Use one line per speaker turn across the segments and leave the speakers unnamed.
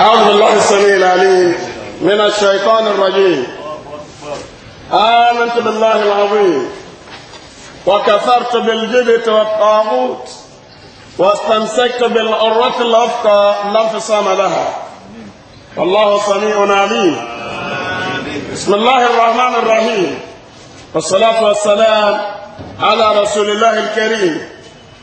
أعوذ بالله السميع العليم من الشيطان الرجيم آمنت بالله العظيم وكفرت بالجبت والطاغوت واستمسكت بالعروة الأفقى لا انفصام لها والله سميع عليم بسم الله الرحمن الرحيم والصلاة والسلام على رسول الله الكريم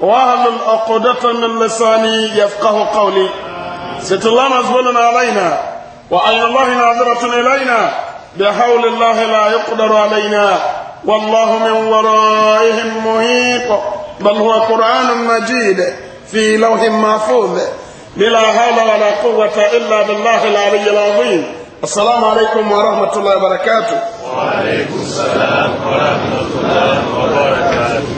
واهل الاقدف من لساني يفقه قولي ست الله مزبولنا علينا وعين الله ناظرة إلينا بحول الله لا يقدر علينا والله من ورائهم محيط بل هو قرآن مجيد في لوح محفوظ بلا حول ولا قوة إلا بالله العلي العظيم السلام عليكم ورحمة الله وبركاته وعليكم السلام ورحمة الله وبركاته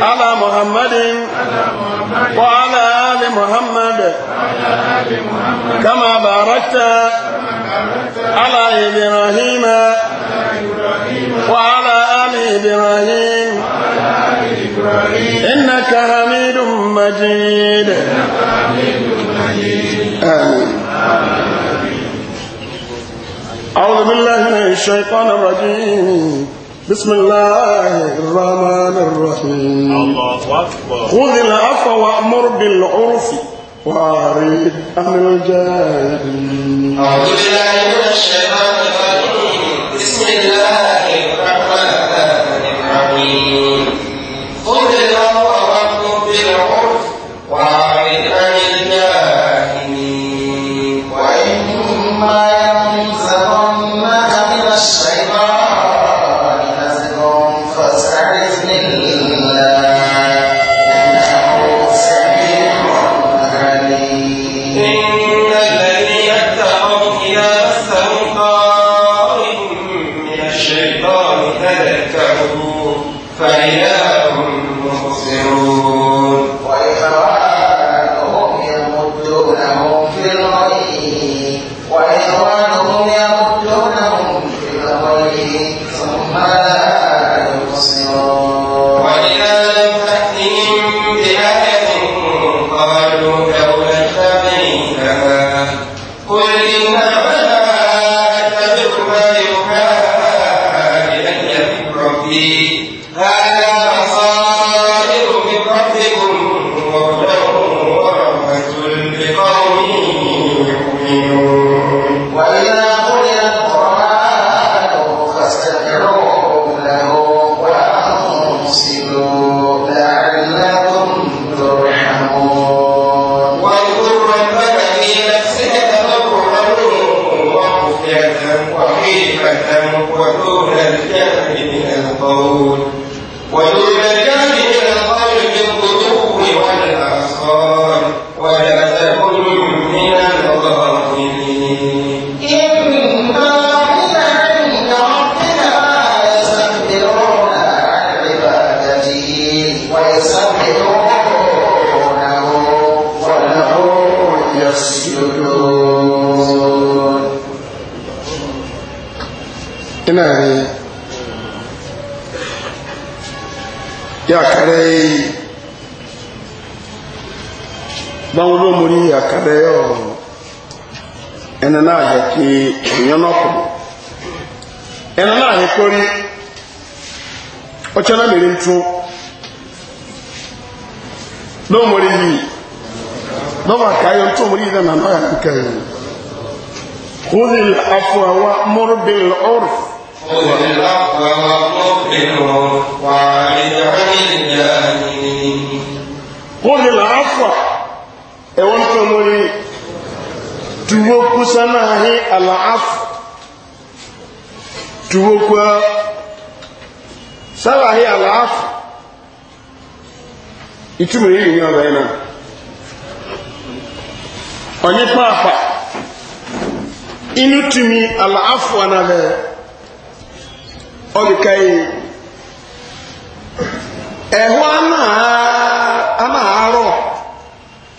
على محمد وعلى آل محمد كما باركت على إبراهيم وعلى آل إبراهيم إنك حميد مجيد آمين أعوذ بالله من الشيطان الرجيم بسم الله الرحمن خذ العفو وأمر بالعرف وأعرض عن الجاهلين أعوذ بالله من
الشيطان بسم الله الرحمن الرحيم
báwọn ló mú rí àkàbẹ́yọ̀ ẹni náà yẹ kí èèyàn náà kọ̀ ẹni náà yẹ kórí ọ̀chẹ́ náà mèrè ntú ló mú rí yìí lọ́wọ́ àkàyọ̀ ntú mú rí yìí náà náà yẹ kẹ́ yìí kúrì àfọ̀ àwa mọ́rùbí ọ̀rùf. kúrì àfọ̀ àwa mọ́rùbí ọ̀rùf wà á rí ọ̀rùn ẹ̀wọ́n e tó mú rí tuwo kusa náà hí àlàáfù tuwo kwa sára hí àlàáfù ìtumọ̀ yìí ní ọ̀rọ̀ ẹ̀nà ọ̀nyẹ́ pàápà inú tumi àlàáfù ànàbẹ̀ ọ̀dùkà yìí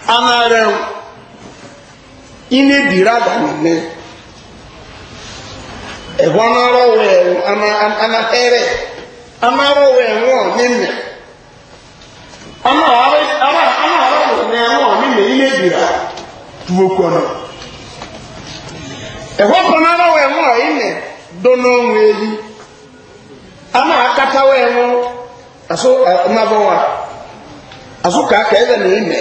anarem ine bira da nene ehwanara anara wẹẹrù ọ anara wẹẹrù ọ nene ine bira tuwokọ no ime wẹẹrù ọ ine Ana akata aso nabọwa aso ka ẹdẹ na ime.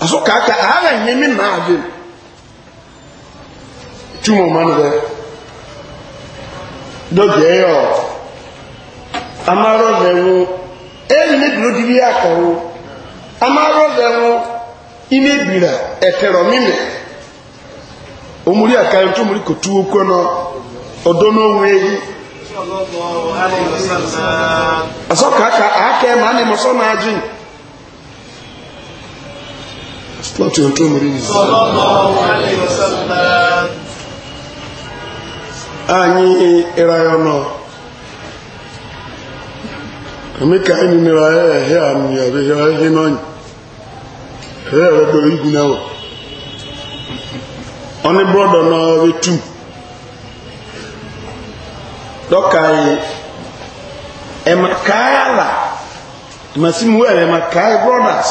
aso kaka ara nyemi na adwe tumo man be do je yo amaro de wo eri ne duro dibi akọwo amaro de wo imebira etero mime omuri aka ntu omuri kotu okwo no odo no weyi aso kaka aka ma ne mo na adwe láti ọjọ́ mọ̀rí yìí anyị ịrayọnọ amịka anyị nira ya ehe amị abịhịa ehe n'ọnyị ehe erebere igwu n'ewe ọnị brọdọ n'ọrụ tu dọka anyị ema kaa ala masị m were ema kaa brothers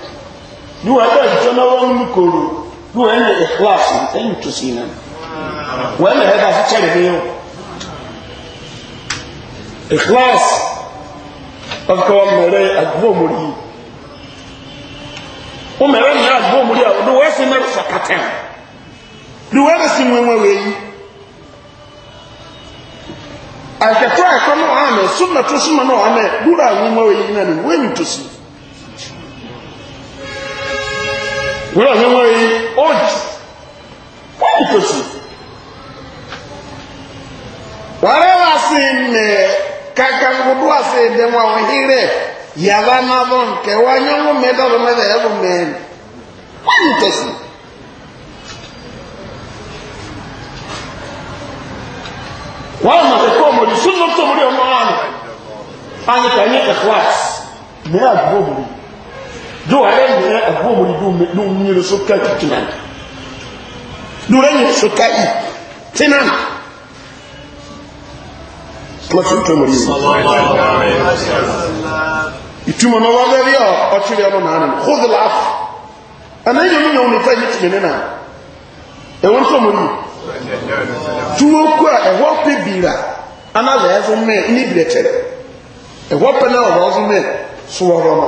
bí wọ́n bẹ́ẹ̀ jọ náà wọ́n mú kòrò bí wọ́n ní ìkíláàsì ẹ̀yìn tó sí iná wọ́n mẹ́rẹ̀ bá sí kyẹ̀rẹ̀ ní yẹn ìkíláàsì ọkọ̀ wọn mẹ́rẹ̀ àdúgbò mọ́rí yìí wọ́n mẹ́rẹ̀ ní àdúgbò mọ́rí àwọn ọdún wọ́n sì mẹ́rẹ̀ sàkátà bí wọ́n sì mú wọn wẹ̀ yìí àkẹ́tọ́ ẹ̀kọ́ náà àmẹ́ súnmọ́ tó súnmọ́ náà àmẹ́ dúró àwọn wúrọ̀ ní wọ́n yìí ó jù wọ́n kò sí. wàrẹ́ wá sí ilẹ̀ kakangudu wá sí ilẹ̀ wọn àwọn hírẹ̀ yàrá náà bọ̀ nkẹ́ wá ní wọ́n mẹ́tọ́rọ̀ mẹ́tọ́ ẹ̀ bọ̀ mẹ́rin wọ́n kò sí. wọ́n mọ̀ sí kó mọ̀ ní súnmọ́ tó mọ̀ ní ọmọ wọn. àyíká ní ẹ̀fọ́ àti ní àdúgbò mọ̀ do ara nyina ɛho mu do me do nyi no so ka kituna do ra nyi so ka yi tena ma tun to mori ituma na wa bari o otire no na na khudh al af ana yomu na uni fa yitu ne na e won so mori tuwo ku a ɛhɔ pe bira ana lɛ ɛfo mɛ ni biretere ɛhɔ pɛ na ɔhɔ so mɛ so wɔrɔ no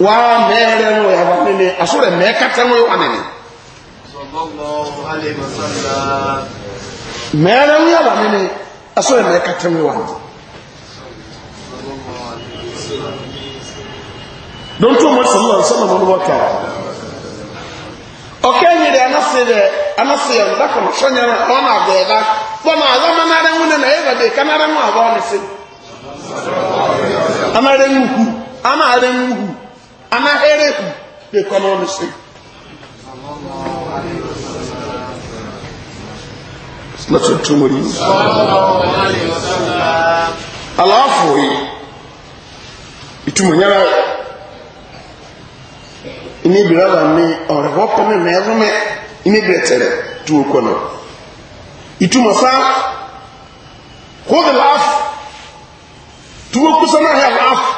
wa mɛɛrɛ ŋo yafa nene asore mɛɛ kata ŋo yafa nene. mɛɛrɛ ŋo yafa nene asore mɛɛ kata ŋo yafa nene. don tó mo sɔn lɔn sɔn lɔn bɔ tɔ. ɔkɛ yi de ana se dɛ ana se yɛ ɔda kɔnɔ sɔnyɛrɛ ɔna bɛɛ la bɔn a zama n'ara ŋo nana e ba de kana ara ŋo a bɔ ne se. ana ara ŋo hu ana ara ŋo hu anaherehu the economic thing. lọ́tọ̀ túnmọ̀ rí aláàfò yìí ìtumọ̀ yára ní ìbìrẹ̀ wà ní ọ̀rẹ̀ wọ́pọ̀ ní mẹ́rùnmẹ́ ní ìbìrẹ̀ tẹ̀rẹ̀ tí ó kọ̀ náà ìtumọ̀ sá kó dẹ̀ láàfù tí ó kú sọ náà yà láàfù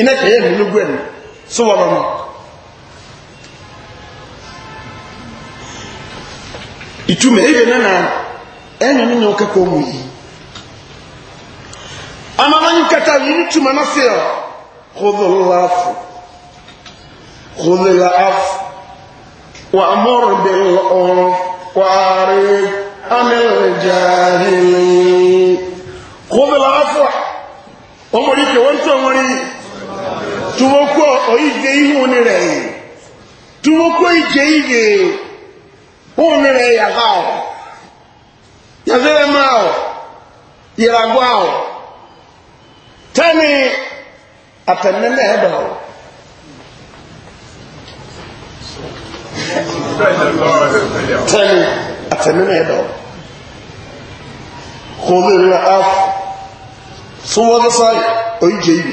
ina kɛyɛ nulugu ɛnu so wɔ ma ma ituma ebe nana ɛnyɛ ne nyɛ kɛkɛ ɔmu yi amamanyi kata yi ni tuma na se ɔ kodolaafu kodolaafu wa amoro bɛn ɔn waare amel jaahili kodolaafu ɔmɔ yi kɛ wɔn tɔ wɔn yi tuwokwo oige ihe onire tuwokwo ije ihe onire yagao yavere mao yiragwao tani apennene hedao tani apennene hedao khudh al af suwa basai oije ihe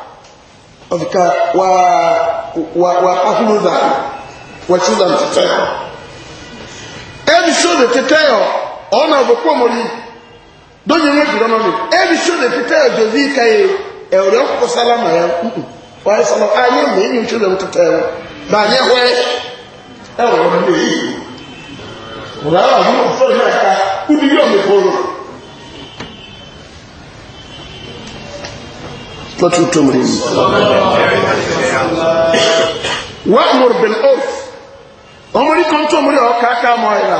ọ̀fíkà wà áhùrúdà wa tẹ̀tẹ̀ yọ. ẹni wa tẹ̀tẹ̀ yọ ọ̀nà ọ̀bọ̀kọ́ mọ̀lì dọ́yìn ní ìdúró mọ̀lì ẹni sóde tẹ̀tẹ̀ yọ dòdì káyé ẹ̀rọ ọkọ̀ sálámà yẹ nkùkù wà á sọ̀rọ̀ ayé mi ẹ̀yìn sóde mu tẹ̀tẹ̀ yọ bàyẹ̀ wẹ́ ẹ̀rọ ọ̀nà mi yìí. wùdà wà á mú ọ̀fọ̀ تتوتم ريم وأمر بالعرف أمري كنت أمري أكاكا مويلا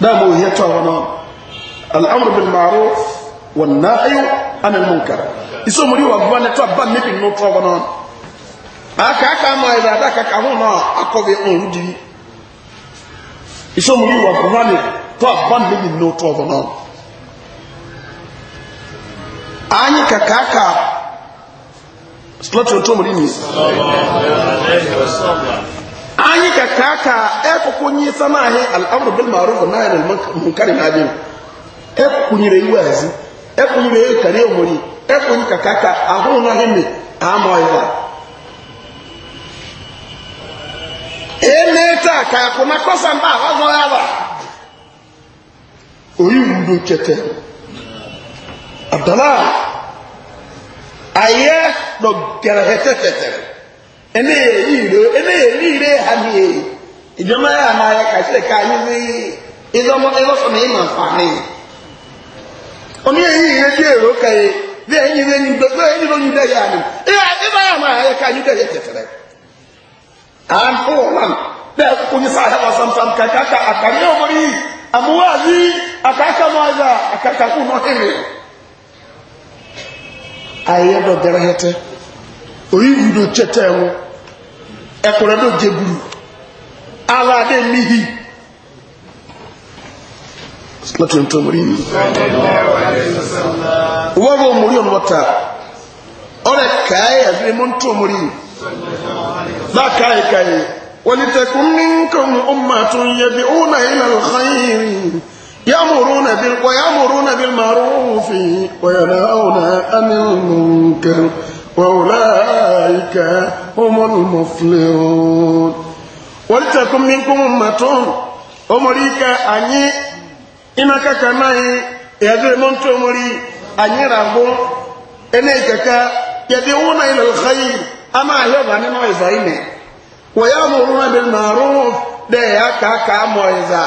دامو يتوانا الأمر بالمعروف والنهي عن المنكر iso muri wa gba ne to ba ne bi no to wono aka aka mo ida da ka ka ho no akobe on di iso muri wa gba ne to ba ne bi no to wono anyị ka ka aka slọtụ otu omori n'isi anyị ka ka aka ekwekwunye sama ahị al'amuru bil ma'ruf na ahị na adịm ekwekwunyere iwe azi ekwenyere ihe karịa omori ekwenye ka ka aka ahụ na ahị mme ama ọhịa eme taa ka akwụna kọsa mba ahụ ọzọ oyi wudo chete abdallah ayɛ dɔ gɛrɛ hɛtɛtɛtɛrɛ ɛnɛ yɛ liire ɛnɛ yɛ liire hami yɛ ìjọba yɛ àmà yɛ kàṣí lè ka yé wé ìdọ́mọ ìlọ́sọ̀ ní ìmọ̀ nfààní omi yɛ yìí yɛ díẹ̀ ro kàyé bí yɛ yìí yɛ ní gbogbo yɛ yìí lóyún dɛ ni àná ìbá yɛ àmà yɛ kàyé dɛ yɛ tẹ̀tẹ̀rẹ̀ à ń kó wọn nàn bẹ́ẹ̀ kó ní sáà yà wà sàmsàm kàkàkà àkàrí ọmọ yìí àmúwáàzí àkàkà mọ́ àjà àkàkà kú náà ayé dɔ gɛrɛ hɛtɛ oyi wu do tsɛtɛ ŋu ɛkplɔ do dzebulu ala de mihi lọtún tó mori yìí wọ́n bọ̀ mori ọ̀nà wọ́ta ọ̀rẹ́ káyé ẹ̀fẹ́ mọ́ tó mori yìí láàkáyé káyé wọ́n ti tẹ̀kùn ní nǹkan ọmọ àtúnyẹ̀bí ó náà yẹ lọ́kàn yìí. يأمرون بال... ويأمرون بالمعروف وينهون عن المنكر وأولئك هم المفلحون ولتكن منكم أمة أمريكا أني إنك كماي يدعون تمري أني ربو إنك يدعون إلى الخير أما يبغى أن يزعيني ويأمرون بالمعروف ده يا كاكا موزع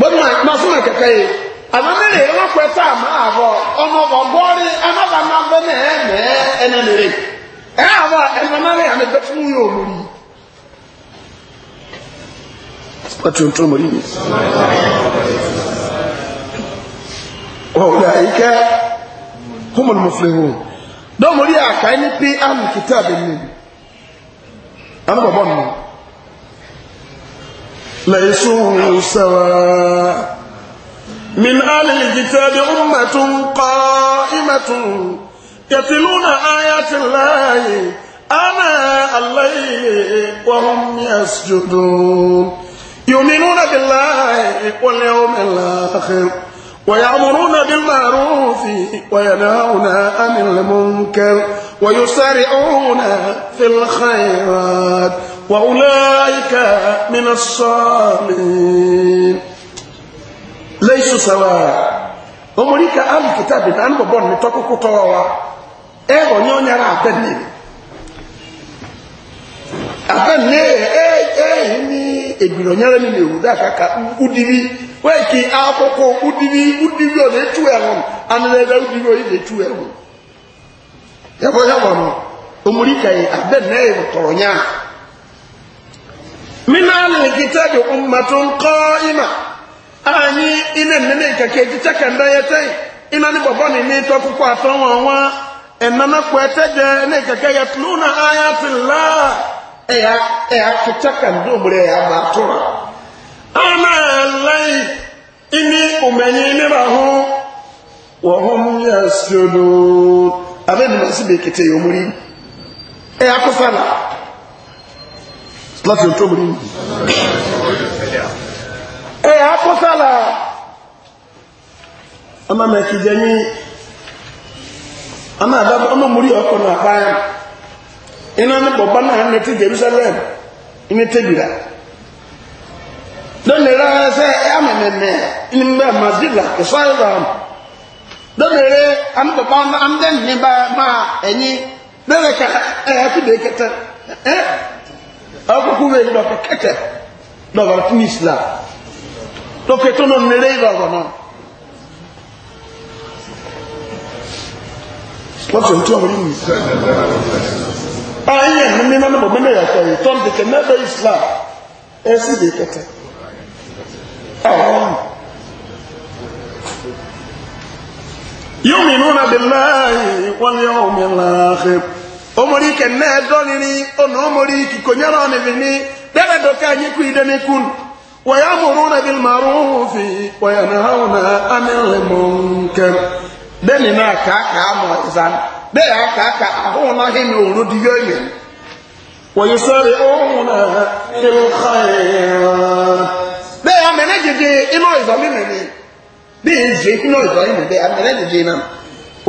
bọ́dún masúmọ̀ kẹ̀kẹ́ yìí àmọ́mẹ́rẹ̀ ẹ̀rọ pẹ̀tà máa bọ̀ ọmọ ọgọ́rí anábà na bẹ́ na eme ẹ̀nà mẹ́rẹ̀ ẹ̀ àbọ̀ ẹ̀nàmẹ́rẹ̀ na bẹ́ fún yóò lórí. pàtó tó mọ̀ yìí. ọ̀gá ìkẹ́ kúmọ̀lù mọ̀fìlẹ̀wò dọ́mọ̀rí àkàí ní pé ليسوا سواء من أهل الكتاب أمة قائمة يتلون آيات الله أنا الليل وهم يسجدون يؤمنون بالله واليوم الآخر ويأمرون بالمعروف وينهون عن المنكر ويسارعون في الخيرات وأولئك من الصالحين ليسوا سواء أمريكا أهل كتاب أنا ببون نتوكو كتوا إيه نيون يرى أبني أبني إيه إيه ni ebiro nyara ni mewu da kaka udiri weki akoko udiri udiri o le tu ehun anele da udiri o le tu ehun yabo yabo no omurika e abenne e toro nya min alil kitabi ummatun qa'ima anyi ina nene kake jita kanda yete ina ni babo ni ni to ku kwa to won won enana ku eteje ne kake yatluna ayatin la eya eya kita kando mure ya matura ana lai ini umenyi ni rahu wa hum yasjudun abeni masibikite yomuri eya kusala láti ohun tó mú nínú ẹ̀ àkọ́sàlà ọmọ mẹ́kì jẹ́ ní ọmọ múrí ọkọ̀ náà báyá iná ní bọ̀bá náà ní ti jerusalem ní tẹ́bìrà lónìí rẹ̀ ṣe àmẹ̀mẹ̀mẹ̀ ní mẹ́ mazila ìsáyẹ̀rọ̀ lónìí rẹ̀ àmúbọ̀bá amdẹ́ni ní bá ẹ̀yìn lónìí kẹta ẹ̀ ẹ̀ akoko wei dɔ kɛkɛtɛ dɔbɔrɔ tún islam dɔkɛ tó nɔn nere yi dɔbɔ nɔ wọ́n tún tún àwọn yìí a yẹ mímí náà níbo mímí yà kọ́ yìí tọ́n dèkè mẹ́fẹ́ islam ẹ sì dè kẹtẹ àwọn yóò mìíràn bẹ̀rẹ̀ láàyè wọ́n yóò omori kenne donini ono omori kikonyara onivini dere doka nyiku idemikun ويأمرون بالمعروف وينهون عن المنكر dẹ́ni náà kàákà àmọ̀ ìzán bẹ́ẹ̀ á kàákà àhóhùn náà hìn òru di yóò yẹn wòye sọ́ọ̀rì òhun náà ìlú kọ́ọ̀yìn bẹ́ẹ̀ á mẹ́rẹ́ jìjì inú ìzọ́ mímì ni bí ìzì inú ìzọ́ mímì bẹ́ẹ̀ á mẹ́rẹ́ jìjì náà.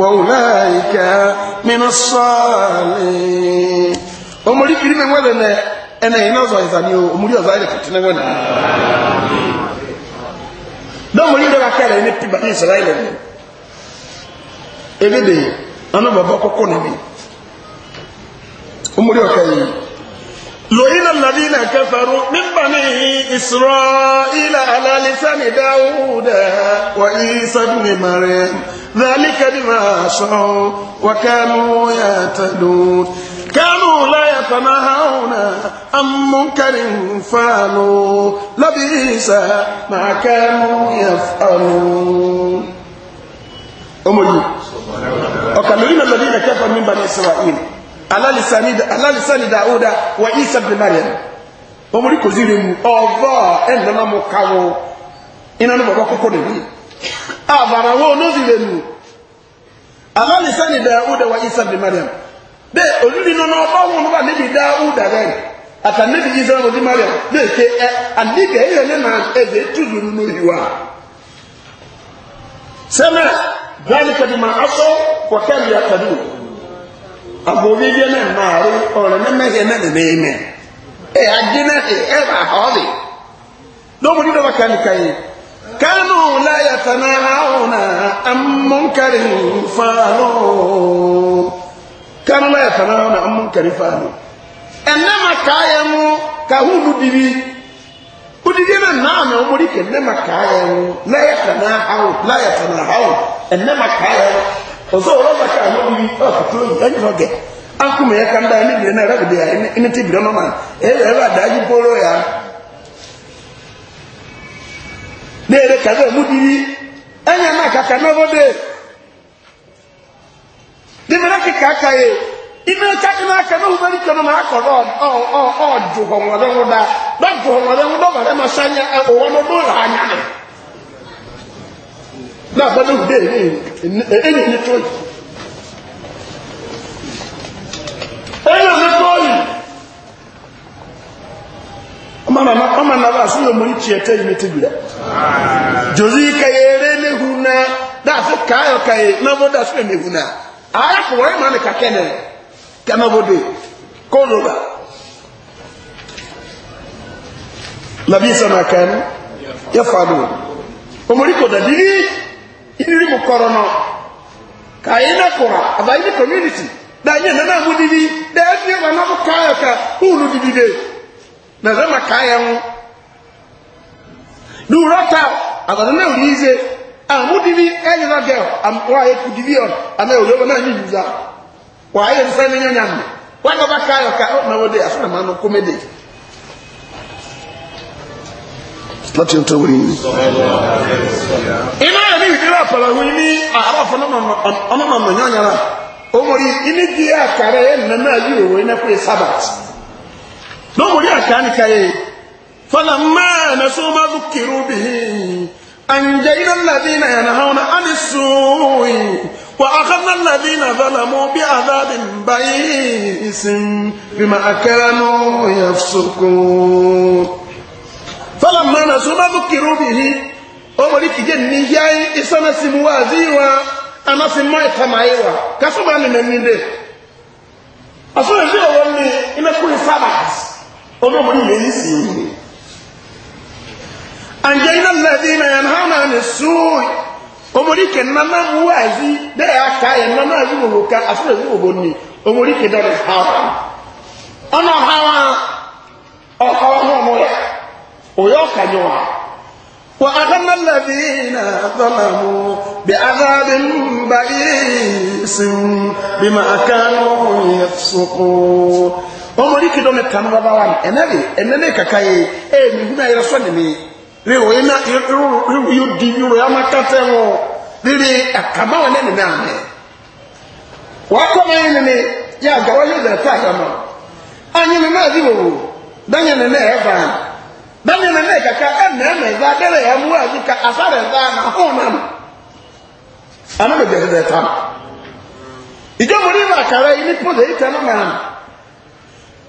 وأولئك من الصالحين أمري في من وذن أنا هنا زايزاني أمري زايد كتنا ونا ده أمري ده كلا إني بني إسرائيل إبدي أنا بابا كوني أمري أكاي لعن الذين كفروا من بني إسرائيل على لسان داود وعيسى بن مريم ذلك بما عصوا وكانوا يعتدون كانوا لا يتناهون عن منكر فعلوا لبئس ما كانوا يفعلون أمي وكان الذين كفروا من بني إسرائيل alalisani dauda wa isa bin mariam wọn mori kò ziri mu ọvọ ẹnana mu kawo iná ní bàbá kókó nìyí àbàrà wọn ló ziri mu alalisani dauda wa isa bin mariam bẹẹ olùdí nínú ọba wọn ló wà níbi dauda rẹ ata níbi isa bin mariam bẹẹ ké ẹ àníbi ẹ yẹ nínú ẹgbẹ tùzù nínú ìwà sẹmẹ bẹẹ ni kẹdùmá aṣọ wọkẹ mi àtàdúró agbóbi bí ẹnẹ mmaari ọrẹ mẹmẹhẹ ẹnẹ nìyẹn mẹ ẹ agye náà ẹ ẹ bá ọbẹ lọ́wọ́ ní dọ́wọ́ kánìkà yìí kánú láyà tẹ̀lé àwọn amúnkárì fàánù kánú láyà tẹ̀lé àwọn amúnkárì fàánù ẹnẹ mà mu kàhúnú bibi. odidi na náà mi ọmọdé kẹ ẹnẹ mà mu láyà tẹ̀lé àwọn láyà tẹ̀lé àwọn ẹnẹ mà mu. ọzọ ọrọ maka ka ọmọ yìí ọkùtù yìí ẹni fọgẹ akúmọ yẹ kanda ẹni bìrẹ náà ẹrẹbìrẹ yà ẹni tí bìrẹ ọmọ náà ẹrẹ ẹrẹ adájú polo yà n'ere kàdé ọmú dìbí ẹnyẹ náà n'ọbọ dá náà fọdún dé èyí ní tó yìí èyí ní tó yìí ọmọ náà bá sí ọmọ ìtì ẹ̀tẹ́ yìí ti gbìyà jòzí kẹyẹ eré léhu náà dáàfẹ́ káyọ̀ kẹyẹ náà bó dá sílẹ̀ léhu náà ayàkùnrin labi sọ̀nà kan yẹ fàdùn ọmọ orí kò dàbí iniri mu kɔrɔ no ka yi na kora aba yi ni community da nye nana mu didi da ebi wa na mu kaa yɛ ka huulu didi de na zama kaa yɛ ho duura ta abada na wuli yize a mu didi ɛyɛ na gɛl wa yɛ ku didi ɔn ama yɛ wuli ɔba na yi yuza wa yɛ nsa ne nyanya mu wa na ba kaa yɛ ka na wɔ de aso na ma no kome de. láti ọ̀tọ̀ wọ̀nyí ira parahu ini arafa na ona na no nyanyara omori ini di akare na na yi owo na pe sabat no mori akani kai falamma nasu ma dhukiru bihi أنجينا الذين ينهون عن السوء وأخذنا الذين ظلموا بعذاب بئيس بما كانوا يفسقون فلما نسوا ما ذكروا به omori kije ni hiai isana simuwa ziwa anasi mai tamaiwa kasoma ni meninde asore zio woni imekuli sabat ono moni menisi anjaina alladhina yanhauna ani sui omori ke nana muwazi de aka ye nana azi mubuka asore zio woni omori ke dare hawa ono hawa ọkọ ọhụrụ ya onye ọka nyewa وأغنى الذين ظلموا بعذاب بئيس بما كانوا يفسقون ọmọ ríkì dọ́mẹ tàn bàbá wa ẹnẹ́rì ẹnẹ́rì kàkà yìí ẹ mi gbúná yẹrẹ sọ ni mi ríro iná yóò di yúro yà má kàtẹ́ wọn rírí àkàmá wọn ẹni náà mẹ. wàá kọ́ mọ́ ẹni ni yà àgbà wọ́n yóò dẹ̀ fún àgbà mọ́. anyi mi náà di wòwò dáyẹ̀ ni náà ẹ̀ bá yìí. bẹ́ẹ̀ni nana yìí kaka ẹ̀ mẹ́ẹ̀mẹ́ ẹ̀dá abẹ́rẹ́ mú ka asáré na hóun náà nù. àná mi gbèsè dẹ̀ tam. ìjọ mo ní àkàrà yìí ní pọ́lẹ̀ yìí tẹ́nu náà nù.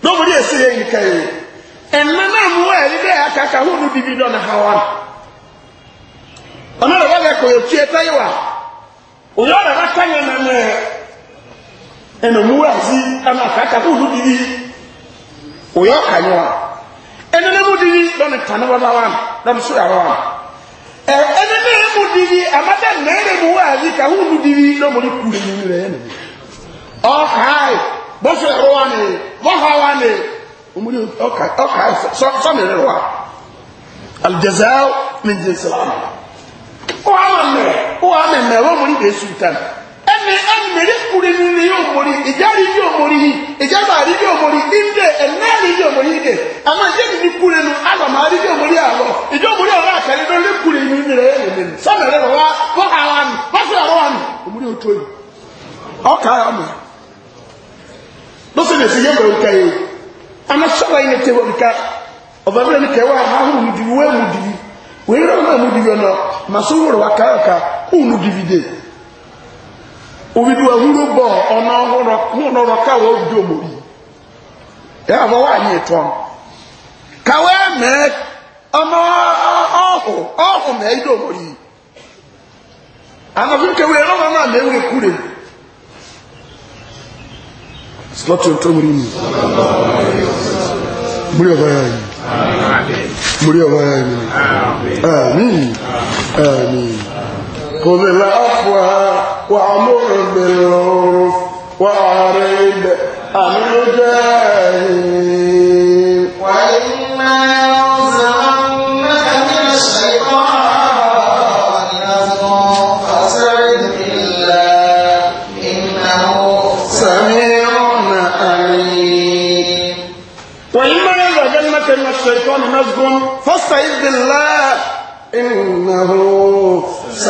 lọ́wọ́ ní èsì yẹn nìkan yìí. ẹ̀nà náà mú wá ha ọ̀nà kò òyà bá mú ɛnene mu didi lɔne tane wala wa lɔne so yawa wa ɛ ɛnene mu didi amata mɛrɛ mu wa ayi ka hu mu didi lɔmɔdi kuli mu lɛ yɛn ɔkai bɔsɔ yɛrɛ wa ne bɔha wa ne omuli ɔkai ɔkai sɔ sɔmi yɛrɛ wa alijaza min jɛ silamu o wa ma mɛ o wa mɛ mɛ o wa mɔni bɛ su tan. ẹni ẹnìmẹ̀rẹ́ kúrin ní yóò mọ̀rí ìjárí yóò mọ̀rí yìí ìjábà rí yóò mọ̀rí ìndé ẹ̀nẹ́rì yóò mọ̀rí ìdè àmọ́ ìjẹ́ni ní kúrin nu àgbàmọ́ àrí yóò mọ̀rí àlọ́ ìjọ mọ̀rí ọ̀rọ̀ àkàrí ló kúrin ní ẹ̀ rẹ̀ wá àrọ́ wa o tó ọkà àmọ́ yìí obìnrin ẹ̀húrú bọ̀ ọ̀nà ọ̀nọ̀rọ̀ káwọ́ ojú òmòrí ẹ̀ àbọ̀ wà ní ìtọ́ káwọ́ ẹ̀mẹ́ ọmọ ọ̀hún ọ̀hún mẹ́ ìdó òmòrí ànàfin kẹwé ẹ̀rọ náà mẹ́wé kúrè slọ́tì tó mú ní múrí ọ̀bá yà yìí múrí ọ̀bá yà yìí àmì àmì. خذ العفو وعمر بالعرف وأعرض عن المجاهدين وإما ينزغنك من
الشيطان نزغ فاستعذ بالله
إنه سميع أليم وإما ينزغنك من الشيطان نزغ فاستعذ بالله إنه سميع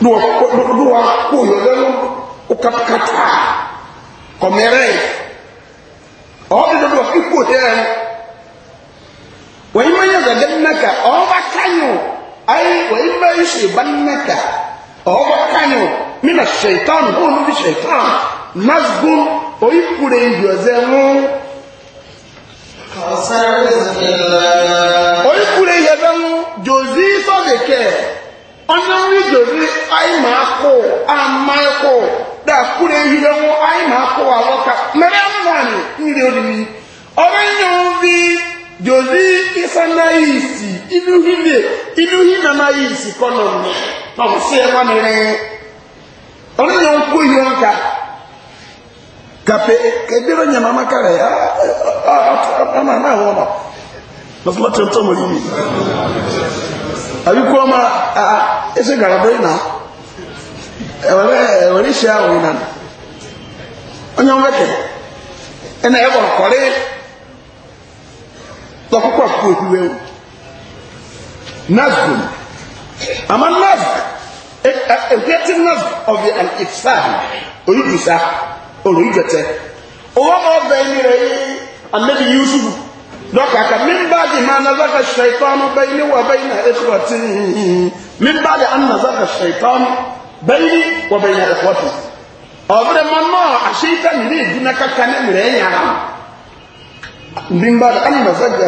do wa do wa ko yo lenu ukapkata komere ɔdi do do wa iko hɛ wa ima yɛ zɛ dɛm naka ɔba kanyo ayi wa ima yɛ se ba naka ɔba kanyo mina shaitan ɔnu bi o nasgun oyi kure yɔzɛ o oyi kure yɔzɛ ŋu jozi sɔ de kɛ ọ̀nàrí dòrí àìmà akọ àmà ẹkọ dàkúrẹ ìhìrẹ wọn àìmà akọ àwọkà mẹrẹ àmàlì nírẹ òdìrí ọrẹ yẹn bí dòrí ìsànà ìsì inú hílẹ inú hílẹ ìsì kọnà mi ọ̀sẹ̀ ẹwà mẹrẹ ọrẹ yẹn kó yìí wọn kà kàpẹ kẹbíọrọ yẹn màmá kàrẹ ọmọ àmà àwọn ọmọ lọsọlọ tó abikuwa ma ese garaba ina ewere ewere isi ahụ ina onye nweke ena ebe ọkọrị lọkụkọ akwụkwọ ekwuwe Nazgum ama nazgu ekwete e, nazgu of the an ifsad oyidisa olùyìjẹtẹ owó ọmọ ọbẹ yìí rẹ yìí anabi yusuf dɔkaka mimbaadi ma nazaka shaitanu bayini wa bayina ikhwati mimbaadi an nazaka shaitanu bayini wa bayina ikhwati ɔbɛrɛ ma nɔɔ ahyɛnta ne ne gyina kaka ne mmerɛ nyara mimbaadi an nazaka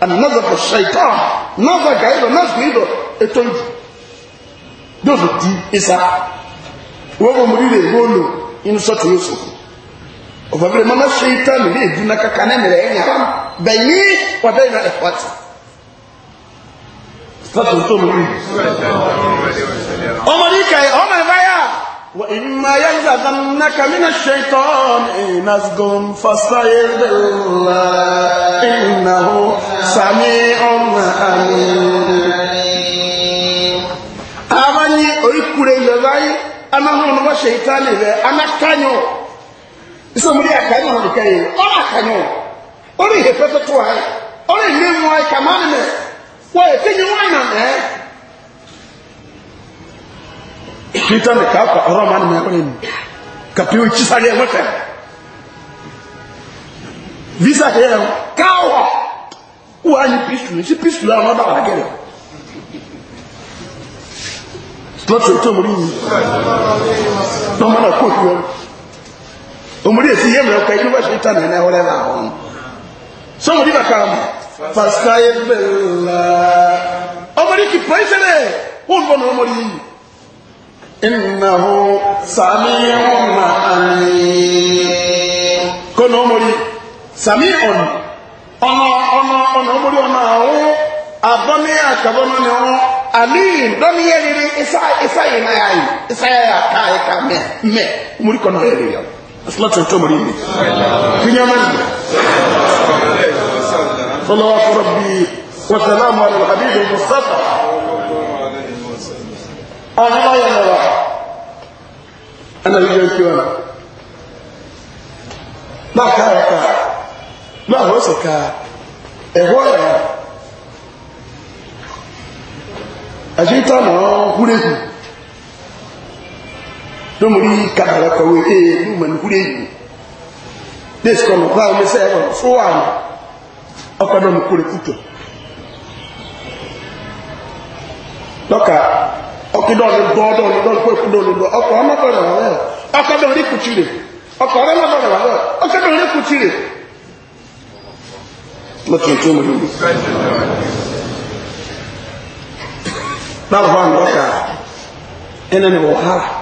an nazaka shaitan nazaka idɔ nazaka idɔ etonju dozo di isa wɔbɔ mu rire wolo inu sɔtu yosufu ọ̀fọ̀fẹ́rẹ́ mọ́mọ́ ṣe tán mi lè dúná kankan náà nìyẹn ẹ̀yìn àwọn bẹ̀yí ọ̀dẹ́ ìrìn ẹ̀kọ́ ti. sọ́tò tó mú mi. ọmọ yìí kẹ́yìn ọmọ ẹ̀ báyà. wà á má yá nígbà tán ná kàmínà ṣe tán iná gòm fasáyé dèlà iná hó sàmì ọmọ àmì. àwọn yìí orí kúrẹ́ yọ̀ọ́ báyìí anáhùn ọmọ ṣe tán isomuli akanyi hɔn nika yi ɔna akanyi hɔn ɔna ihe pɛtɛ to ha ɔna ihe mu ha kama ne mɛ wa efe nye wa na mɛ peter ne kaa kɔ ɔrɔ ma ne mɛ ɔna mu kapi o kyi sari ɛwɔ fɛ visa de yɛ kaa wɔ wo anyi pisu nsi pisu la ɔna ɔba agɛrɛ tɔtɔ tɔmɔ ni yi
tɔmɔ na
omuli esi ye mmerɛ kɔ ebiwa shaitan na ɛhɔrɛ la hɔ so omuli baka mu fasaye bela omuli kipa yi sɛnɛ wɔn bɔ na omuli yi innahu sami'un alim ko na omuli sami'un ɔnɔ ɔnɔ ɔnɔ omuli ɔnɔ awo abɔni akabɔni ni wɔn alim dɔni yɛ riri isa isa yi na yɛ ayi isa yɛ yɛ aka yɛ ka mɛ mɛ omuli kɔ yɛ riri yɛ. أصلاة تمرين في يمن صلوات ربي وسلام على الحبيب المصطفى الله يا الله أنا رجل كيوانا ما كارك؟ ما هو سكا إغوانا أجيتنا هوريكي domori kadara kawe ee eh, nu mani hure yi kɔnɔ kura omi sɛ ɛwɔ eh, fo ma ɔkpa dɔn kure kuto dɔka ɔki dɔn ni dɔn dɔn ni dɔn kpe ku ɔkpa ɔma dɔn ni wàlɛ ɔkpa eh. dɔn ni kuti re ɔkpa ɔma dɔn ni wàlɛ ɔkpa dɔn ni kuti re mo tuntun mo tuntun báwo wà dɔka ɛnɛ ni wò hara.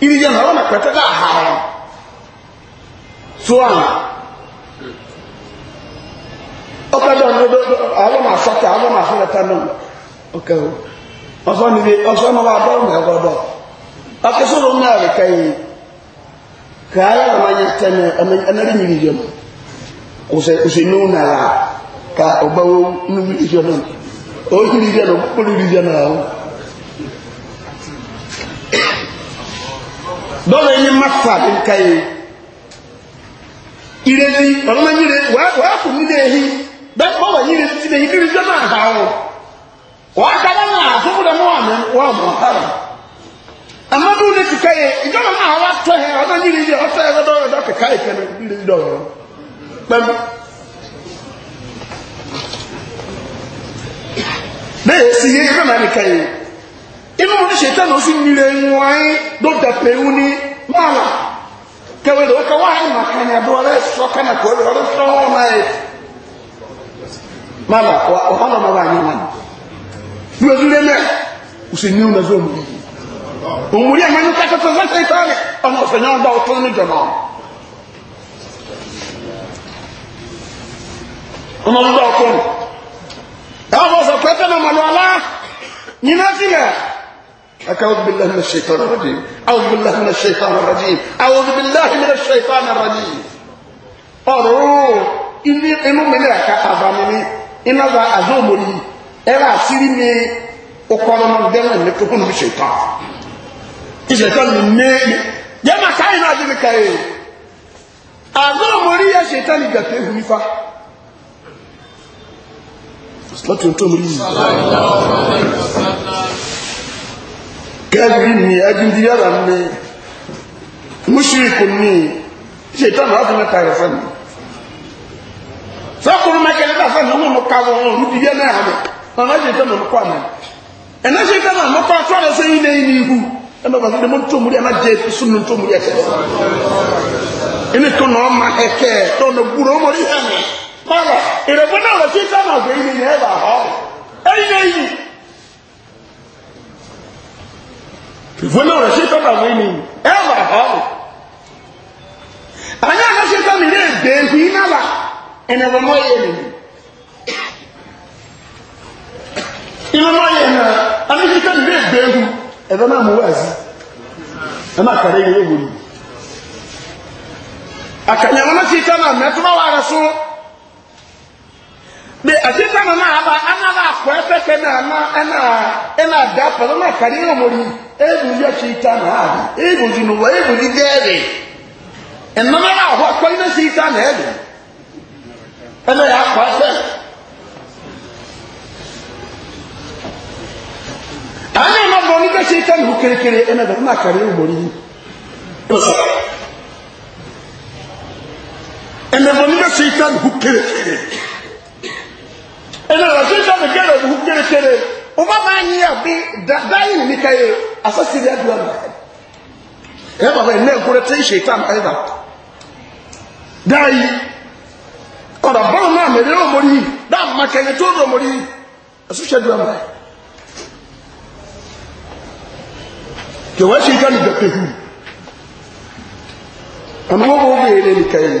iriyɛ na ɔna kɛtɛ dɛ ahara so ana ɔka dɛ ɔno dɛ ɔno na asɔkɛ ɔno na asɔkɛtɛ no ɔka o ɔsɔ ni bi ɔsɔ na wa dɔn na ɛgɔdɔ ɔkɛsɛ ɔno na ɛrɛ ka yi kaayɛ ɔna nyɛ tɛnɛ ɔna ɛna de nyiri yɛ no ɔsɛ ɔsɛ nuhu na la ka ɔba wo nuhu yɛ no ɔyiri yɛ no ɔkpɔlu yɛ no la o. dɔw yɛ ni ma fa bi ka ye irezi ɔlɔmɔ nyire wɛ wɛ kun mi de yi bɛ nyire ti de yi kiri jɔ na ha o wa ka da na asopo de mo wa mɛ wa mɔ ha la ti ka ye wa tɔ yɛ nyire ɔtɔ yɛ dɔw yɛ dɔ dɔw yɛ kpɛm yɛ si yɛ yɛ inú wọn ní ṣètẹ́ lọ sí nílé wọn ló dẹ̀pẹ̀ ewu ní mọ́ọ̀lá kẹwẹ́ lọ kẹwàá ní màkàní àdúrà rẹ sọ kánà kọ́ ẹ̀rọ rẹ sọ wọn náà yẹ mọ́ọ̀lá ọ̀hán lọ́mọ bá yẹn wọn. ní ojú lé mẹ́ o sì ní ìwọ̀n lọ́sọ̀ òmùrí yìí òmùrí ẹ̀ máa ń ká tẹ́tẹ́ sẹ́sẹ́ ọ̀sẹ̀ yẹn ọ̀dà ọ̀tún ní jọ̀nà ọ̀nà ọ̀dà ọ̀tún أعوذ بالله من الشيطان الرجيم أعوذ بالله من الشيطان الرجيم أعوذ بالله من الشيطان الرجيم أرو إني إنو مني أكاك أبامني إن هذا أزومني إلا سيريني أقول من دلنا نتكون بشيطان الشيطان من نيني يا ما كاين هذا الكاين أزومني يا شيطان يقتله نفا صلاة يوم الله عليه وسلم kẹ́ẹ̀bí ni ẹgbìndì yára ní mùsùlùkù bụ ṣètọ́nà ọdún mẹ́ta rẹ̀ fẹ́ mi sọ́kùnrin mẹ́kẹ́lẹ́ tàfẹ́ ní ọmọ kàwọ́ na ti na náà hàmẹ́ ọ̀nà ṣètọ́nà ọkọ̀ àmẹ́ ẹ̀nà ṣètọ́nà ọkọ̀ àtúwà rẹ̀ sẹ́yìn ní ẹ̀yìn ihu ẹ̀nà ọ̀bà tó mọ́ tó múrí ẹ̀nà jẹ́ ẹni tó tó ọmọ ìrẹ̀gbọ́n náà ìfúnná ọ̀rọ̀ ṣe tọ́ka àwọn ènìyàn ẹ wà hàn. àyà àwọn ṣe tọ́ mi lè gbé ehu iná wà ẹnì wọn mọ yẹ nìyí. ìlú mọ yẹ nà àwọn ṣe tọ́ mi lè gbé ehu ẹ̀rọ náà mú wá sí ẹ má kàrẹ́ yẹ ewu yìí. àkànyà wọn ṣe tọ́ náà mẹ́tọ́ wà rẹ̀ sún de asita nana aba anaba akɔ ɛfɛ kɛ na ana ɛna da pɛlɛ na kari yɛ wɔmɔ yi ebu ya shaitan hadi ebu junuba ebu digere enama ya ahwa kwa ina shaitan hadi ena ya kwa se ana ma boni ka shaitan hukerekere ena da na kare umori ena boni ka shaitan hukerekere ena da shaitan hukerekere ọba bá yí àbí dáyé ní níka yẹ asásí ní adúlá nù ẹ bàbá ẹ náà kúrẹ tẹ ṣe tán ẹ bá dáyé ọ̀rọ̀ bọ́ọ̀ náà mẹ̀rẹ̀ ó mọ̀rí yìí dáà má kẹ́yẹ tó dọ̀ mọ̀rí yìí asúṣẹ́ adúlá nù ẹ. kẹwàá ṣe ká ní dọ̀pẹ̀ hù àmọ́ wọ́n bọ̀ ó bẹ̀rẹ̀ níka yẹ.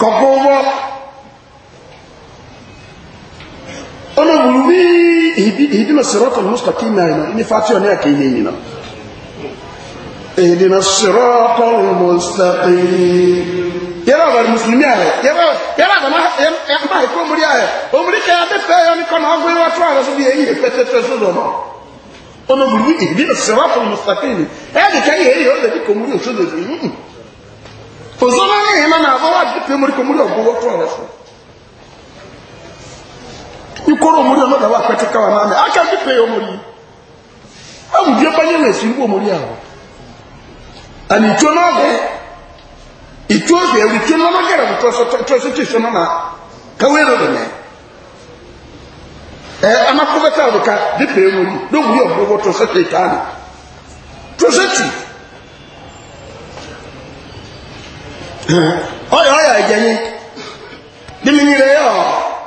kọ̀kọ́wọ́ o ní ìdínà sírọ́tọ̀ mọ́sùtàkì náà ní fàtíọ̀ ní àkè ilé ìrìnà ìdínà sírọ́tọ̀ mọ́sùtàkì yẹ́rọ ọ̀rọ̀ musulmi ààrẹ yẹ́rọ ẹ̀mà ìkó múrí ààrẹ omúrí kẹ́yà tẹ́fẹ́ ẹ̀yọ́ ní kọ́nà ọgbẹ́ wá tó ààrẹ sóbi èyí pẹ́tẹ́tẹ́ sódò náà olóòwúrú ìdínà sírọ́tọ̀ mọ́sùtàkì ní ẹ̀ẹ́dì kẹ́yà èyí ó lè òsọ́nà ní ìhìnà náà àbọ́wà dípé mọ́ríkọ múrí ọgbọ́wọ́ tó ọ̀rẹ́ fún ikọ́rọ̀ múrí ọmọdé wà pẹ́tẹ́ káwà náà ní aka dípé ọmọrí ẹ̀mù bí ọba yẹn èsì wọ́n mọ́rí àwọn àni ìtú náà bẹ́ ìtú òbí ẹ̀rù ìtú náà má gẹ̀rẹ̀ tó ẹsẹ̀ tó ìṣẹ́ náà káwé rẹ̀ lẹ̀ ẹ̀ amakọ́fẹ́tà àbùká dípé ọmọrí lóhùn yọ ọgbọ́wọ́ tó ẹsẹ̀ tó ìtàn ọyọ ọyọ ẹjẹ yín bímini rẹ yọ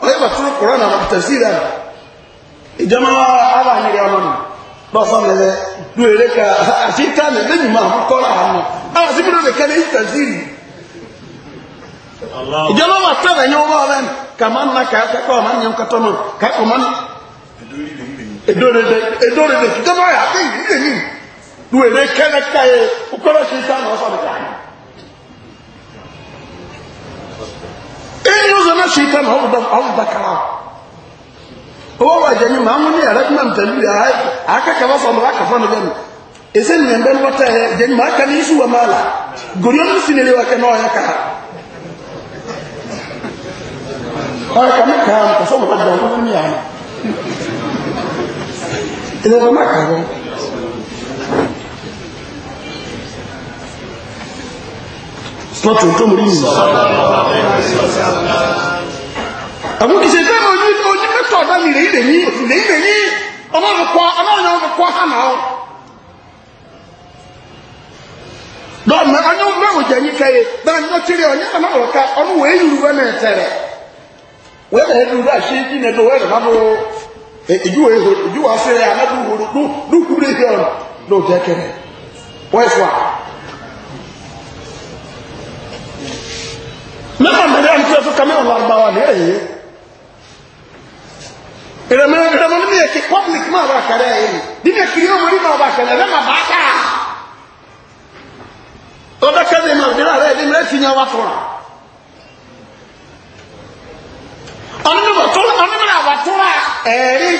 ọyọ bàtúrú kúrọ náà bàtà sí rẹ ìjọba ara yìí rẹ ọmọ nù lọsọ mi rẹ lu èrè ká àti tánì lẹyìn máa mú kọ́ra àánú àwọn síbi lóde kẹlẹ yìí tàn sí rì ìjọba wà tẹ̀lé yín wọ́n rẹ kàmá nà kàkà kọ́ ọ̀ma nyẹ́ nkatọ́ nù kàkọ́ ọ̀ma nù edorede edorede ìjọba yà á kéyìí lẹ́yìn lu èrè kẹlẹ ká yẹ kókó lọ sí sáà nà ọ̀sọ̀ mi kàá. ẹ̀yìn ọ̀sán náà ṣe ìtàn ọ̀dọ̀kara owó wà jẹ́ ní màá mú ní ẹ̀rẹ́ tí màá tẹ̀lú yà á kẹ́kẹ́ bá sọ̀rọ̀ lákàfọ́ ní bẹ́ẹ̀ ẹsẹ̀ ní ẹ̀mbẹ́ lọ́tẹ̀ ẹ̀ jẹ́ ní màá kẹ́ ní ìṣúwà máa là gòrí ọdún sí nílé wa kẹ́ náà ọ̀yẹ́ ká ọ̀yẹ́ ká mi kà á kọ̀ sọ́mọ́ pọ́tù tó mú rí yìí àwọn kìí ṣe ṣe ojú ojú mẹ́tọ̀ ọ̀dá mi rèé rèé òfin rèé rèé ọlọ́run kọ́ ọlọ́run ọ̀run kọ́ hànà ọ́ dọ́ọ̀mẹ́ ọ̀nyọ́ mẹ́wòó jẹ́ yín kẹ́yẹ bẹ́ẹ̀ ni tẹ́lẹ̀ ọ̀nyẹ́ ọ̀nà ọ̀rọ̀ ká ọ̀nù wẹ́ẹ́ yìí rúwẹ́ mẹ́ tẹ̀rẹ̀ wẹ́ẹ́ bẹ́ẹ̀ mẹ́ta mẹ́rin àti ẹ̀tọ́ kàmí ọ̀làgbàwà ní ẹ̀yẹ ìrẹ̀mọ́ ní ẹ̀kí public máa bá kẹrẹ ẹ̀yẹ nínú ẹ̀kiri ọmọ ní máa bá kẹrẹ ẹ̀rẹ́ máa bá ká ọdọ́ kẹ́lẹ́ máa bí rẹ̀ ẹ̀dí mẹ́rin fi yẹn wá fún wa ọ̀nàmọ̀lá wà tó wa ẹ̀rí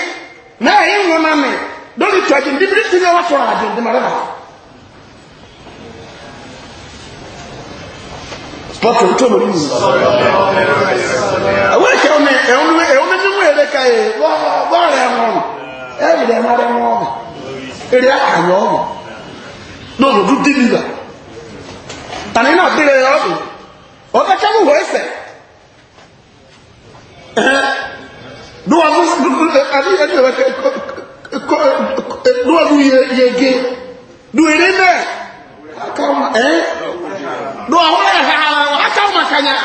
náà yẹn wọn náà mi lórí tọ́jú níbi tí yẹn wá fún wa àdéhùn tọ́tù tó mọ̀ nínú àwọn ẹ̀kẹ́ ọ̀nà ẹ̀hún nínú èrè káyé bọ́ọ̀rẹ̀ ẹ̀wọ̀n ẹ̀rì rẹ̀ máa rẹ̀wọ̀n ọ̀bẹ̀ eré àyọ̀ ọ̀bẹ̀ lóòrùn dúdú nígbà tàní náà dìrẹ̀ ọ̀bẹ̀ ọ̀bẹ̀ tẹ́lú wọ̀ ẹ̀fẹ̀ dúwàdú yege dúwèrè náà do awon ya ha aka makanya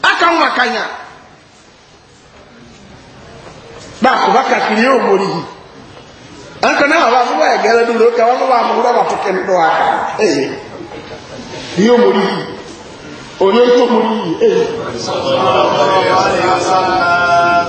aka makanya ba ko baka kiri o mori hi an kana wa mu ya gele duro ka wa wa mu ro ba to ken do aka eh yo mori hi onye to mori hi eh sallallahu alaihi wasallam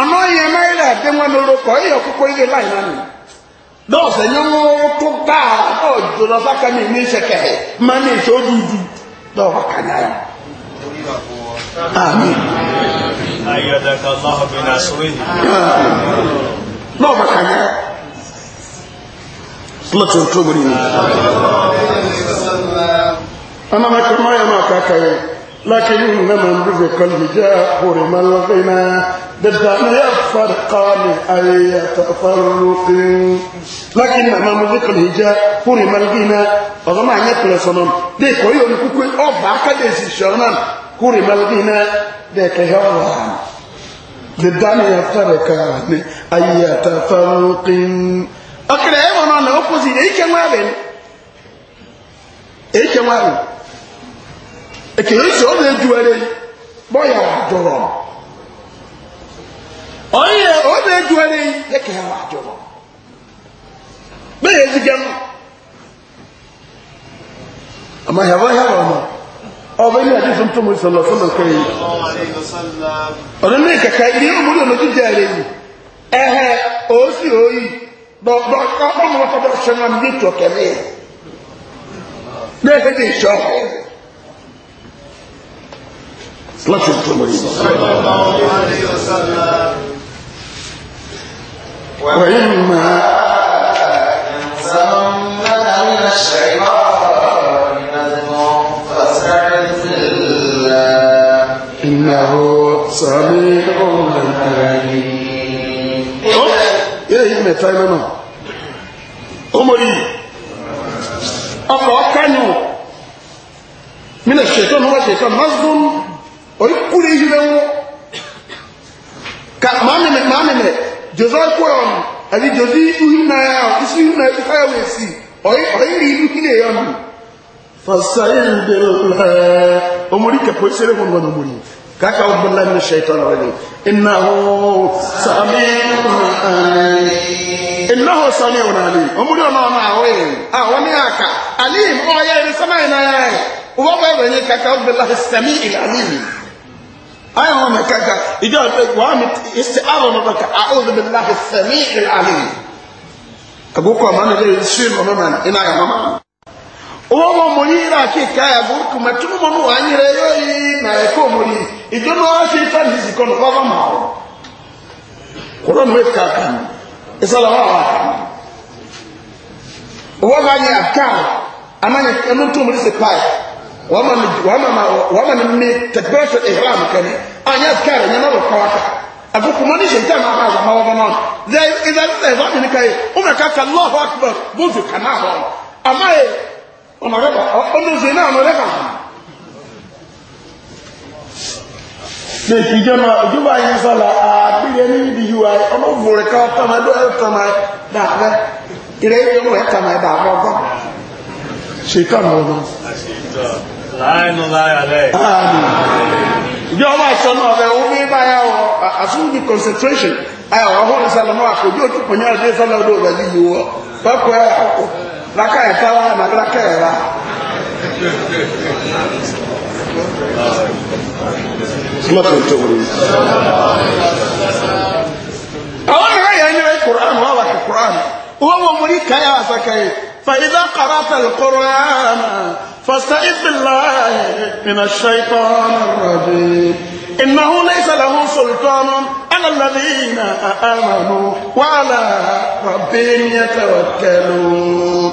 ọ̀nà yẹn náírà ẹ̀dẹ́ wọn ló rọkọ̀ ẹ̀yẹ kókó ilé láì náà nì. dọ́ọ̀sẹ̀ yẹn wọ́n tó bá a jọlọ bákan ní ní ìṣẹ̀kẹ̀ máa ní ìṣó dúdú dọ́ọ̀wọ́ kànáyà. ami.
ayọ̀dàkà lọ́hùn bí na sọ́wé ni.
dọ́ọ̀wọ́ tó borí mi. ọ̀nà mẹ́kọ̀ọ́ mọ́ yẹn nínú mẹ́mọ̀ بالدنيا فرقان أي تفرق لكن أمام ذكر الهجاء فرم الغنى فضما أن يقل صنم ديك ويوم كوكوي أوبا كديسي الشرنان فرم الغنى ديك يوضعان بالدنيا فرقان أي تفرق أكرا أيوة أنا أفوزي إيكا مابن إيكا مابن إيكا يسوى ذي جوالي بويا جرام ọyẹ ọbẹ eduane yi yẹ kẹ wà adwọmọ bẹẹ yẹ ezi gẹm ama yàrá yàrá ọmọ ọbẹ yìí adi tuntun mu sọlọ sọlọ kẹyì ọdún ní kẹkẹ yìí ọmọ yìí ọlọdún jẹ ẹrẹ yìí ẹhẹ òsì òyì dọdọ ọmọ wọn tọdọ sẹnu àmì bí tó kẹmí yẹ bẹẹ yẹ di sọ sọlọ tuntun mu yìí. وإما
ينزغنك من الشيطان نزغ فاستعذ بالله
إنه سميع عليم إيه متى منه أمري أما كانوا من الشيطان هو الشيطان مصدر ويقول إيه له كأمامي مأمامي jòzọ́ kó ọ̀nù àti jòzí ihu náà isu ihu náà ti fáyà wẹ̀ sí ọ̀yẹ́ rí inú kí lè yọ̀ nù. fasayi ndèrò ẹ̀ ọmọdé kẹ̀kọ́ ìṣeré wọn wọn ọmọdé kaka ọgbọ́n láti ní ṣẹ́tọ́ náà rẹ̀ ìnáwó sàmì ìnáwó sàmì ọ̀nà àlè ọmọdé ọ̀nà ọ̀nà àwọ̀ yẹn àwọn ní àkà àlè ìmọ̀ ọ̀yẹ́ ìrẹsẹ́mẹ́ ìnáyà rẹ̀ wọ́n bẹ̀rẹ̀ ní أي هو مكاكا إجابة وهم استعاذة مرك أعوذ بالله السميع العليم أبوك ومان جاي يسير ومان إنا يا ماما وهو مريرا كي كاي أبوك ما تمو منو أني ريوي ما يكون مري إجابة واسي فانسي كون بابا معه قرآن مكاكا إسألة وعلا وغاني أبكار أماني أمنتم رسي بايه wama ne mme takbiratul ihram kane anya kare nya na kwa a abu kuma ni shi tama ba za hawa bana da idan da za ni kai umma ka ka Allahu akbar buzu kana ho amma e ona ga ba onu ze na no le ka ne ki jama juba yin sala a bire ni bi yuwa ono vore ka tama do e tama da ba ire yo mo e tama da ba ba shaitan mo ba shaitan láàánú láyàlẹ́. ìjọ ọmọ ìṣọ́ náà bẹ̀ wọ́n bí báyà wọ àsúnjì concentration ayọ̀ ọ̀hún ìsàlọ̀ náà àkójú òtún pọ̀ ní ọdún ìsàlọ̀ ọdún ọ̀bẹ̀ yìí wọ pẹ́pẹ́ ọkọ̀ lákà ẹ̀ta wà náà lákà ẹ̀ra. àwọn ìrẹ́yẹ̀ ẹ̀yẹ́ kùránù wọ́n wà kí kùránù. وهو مريك يا زكي فإذا قرأت القرآن فاستعذ بالله من الشيطان الرجيم إنه ليس له سلطان على الذين آمنوا وعلى ربهم يتوكلون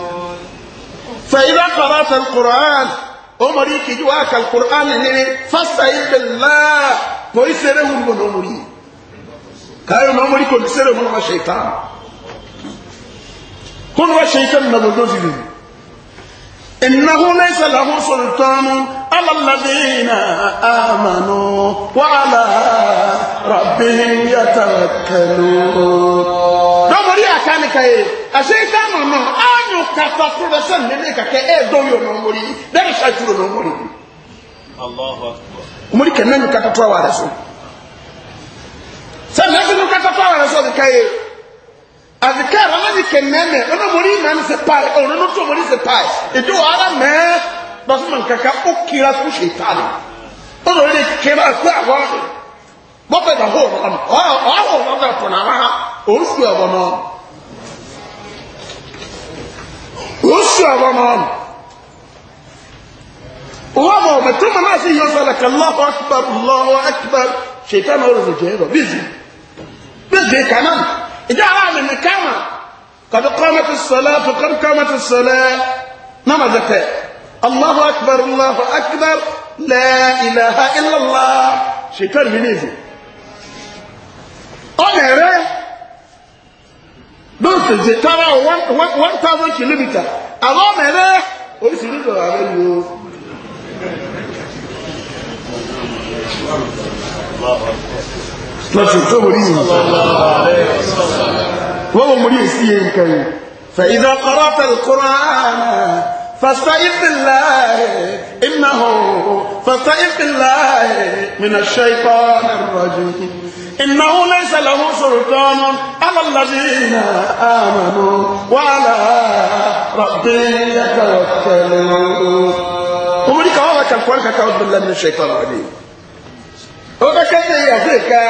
فإذا قرأت القرآن أمريك جواك القرآن يعني فاستعذ بالله ويسره من أمريك كاين أمريك ويسره من الشيطان هو شيطان نبوذي إنه ليس sultanu ala على الذين آمنوا وعلى ربهم يتوكلون dɔbɔri akaani akani ye a se ka mama an y'o ka fa fura san nene ka kɛ e dɔw y'o nɔmori bɛɛ sa juro nɔmori. mori kɛmɛ akbar. ka taa to a wa yɛrɛ so. sani n'a ka taa to so de azikar ɔno de kɛ mɛmɛ ɔno mo ni nan sɛ paa ɔno no to mo ni sɛ paa edo ara mɛɛ dɔso ma nkaka o kira so se paa ɔno de kira so awɔ de bɔbɛ da hɔ ɔno ɔyɔ ɔyɔ ɔno de to na ha osu ɛwɔ no osu ɛwɔ no wọ́n mọ̀ ọ̀bẹ tó mọ̀ sí yóò sọ̀rọ̀ kẹ́ lọ́wọ́ akibar lọ́wọ́ akibar ṣètàn ọ̀rọ̀ ìjẹ́ rọ̀ bíi zi bíi zi kanáà. إذا أعلم من قد قامت الصلاة فقد قامت الصلاة نما الله أكبر الله أكبر لا إله إلا الله شكر منيزه أنا أرى دوس الزيتارة 1000 كيلومتر أنا أرى أريد أن أقول لك الله أكبر فإذا قرأت القرآن فاستعذ بالله إنه فاستعذ بالله من الشيطان الرجيم إنه ليس له سلطان على الذين آمنوا وعلى ربي يتوكلون أمريكا هذا كان قوانك أعوذ بالله من الشيطان الرجيم o ọdọ kẹsẹ yìí àti ìka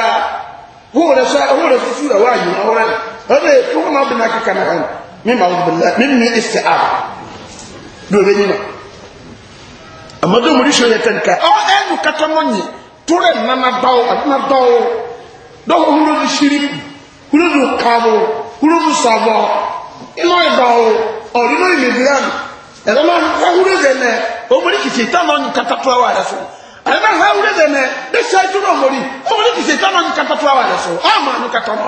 wọn rẹ sọ wọn rẹ susu rẹ wọn àyè wọn rẹ o tó o bẹ náà kíkà náà hàn mí ma wọn bẹlẹ mí mi ẹsẹ a ló bẹ yín ma amadu mu nisọ yẹ tẹnika ọ ẹnu kata mọ nyi tóra nana bawo adana bawo dɔwɔ wúlò ní siri wúlò ní kàwọ wúlò ní sàbọ iná ìbàwọ ọdún ní ìlú ìlú yàrá ẹ̀rọ náà wúlò ní ẹ̀nẹ́ ọmọdé kìkì táwọn kata tó wà rẹ fún un ɛna ha wuli dɛ nɛ ne sɛ turu omori omori ti se tɔnɔ nkata to awa yɛ so ɔma nu ka tɔnɔ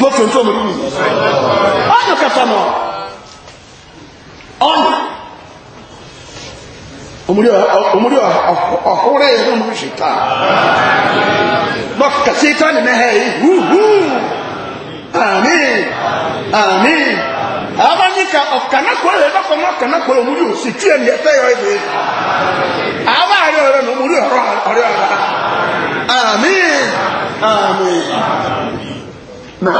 mo fi nto omori mi ɔnu ka tɔnɔ ɔnu omori omori ɔhore yɛ ɔnu si ta lɔkasi ta ni mɛ hɛ yi huhu ami ami abanyika ọkanakore ẹnakọma ọkanakore omuli osi tiẹ ni ẹfẹ yọ ebe abaari ọrẹ na omuli ọrọ ọrẹ ọrẹ amin amin na.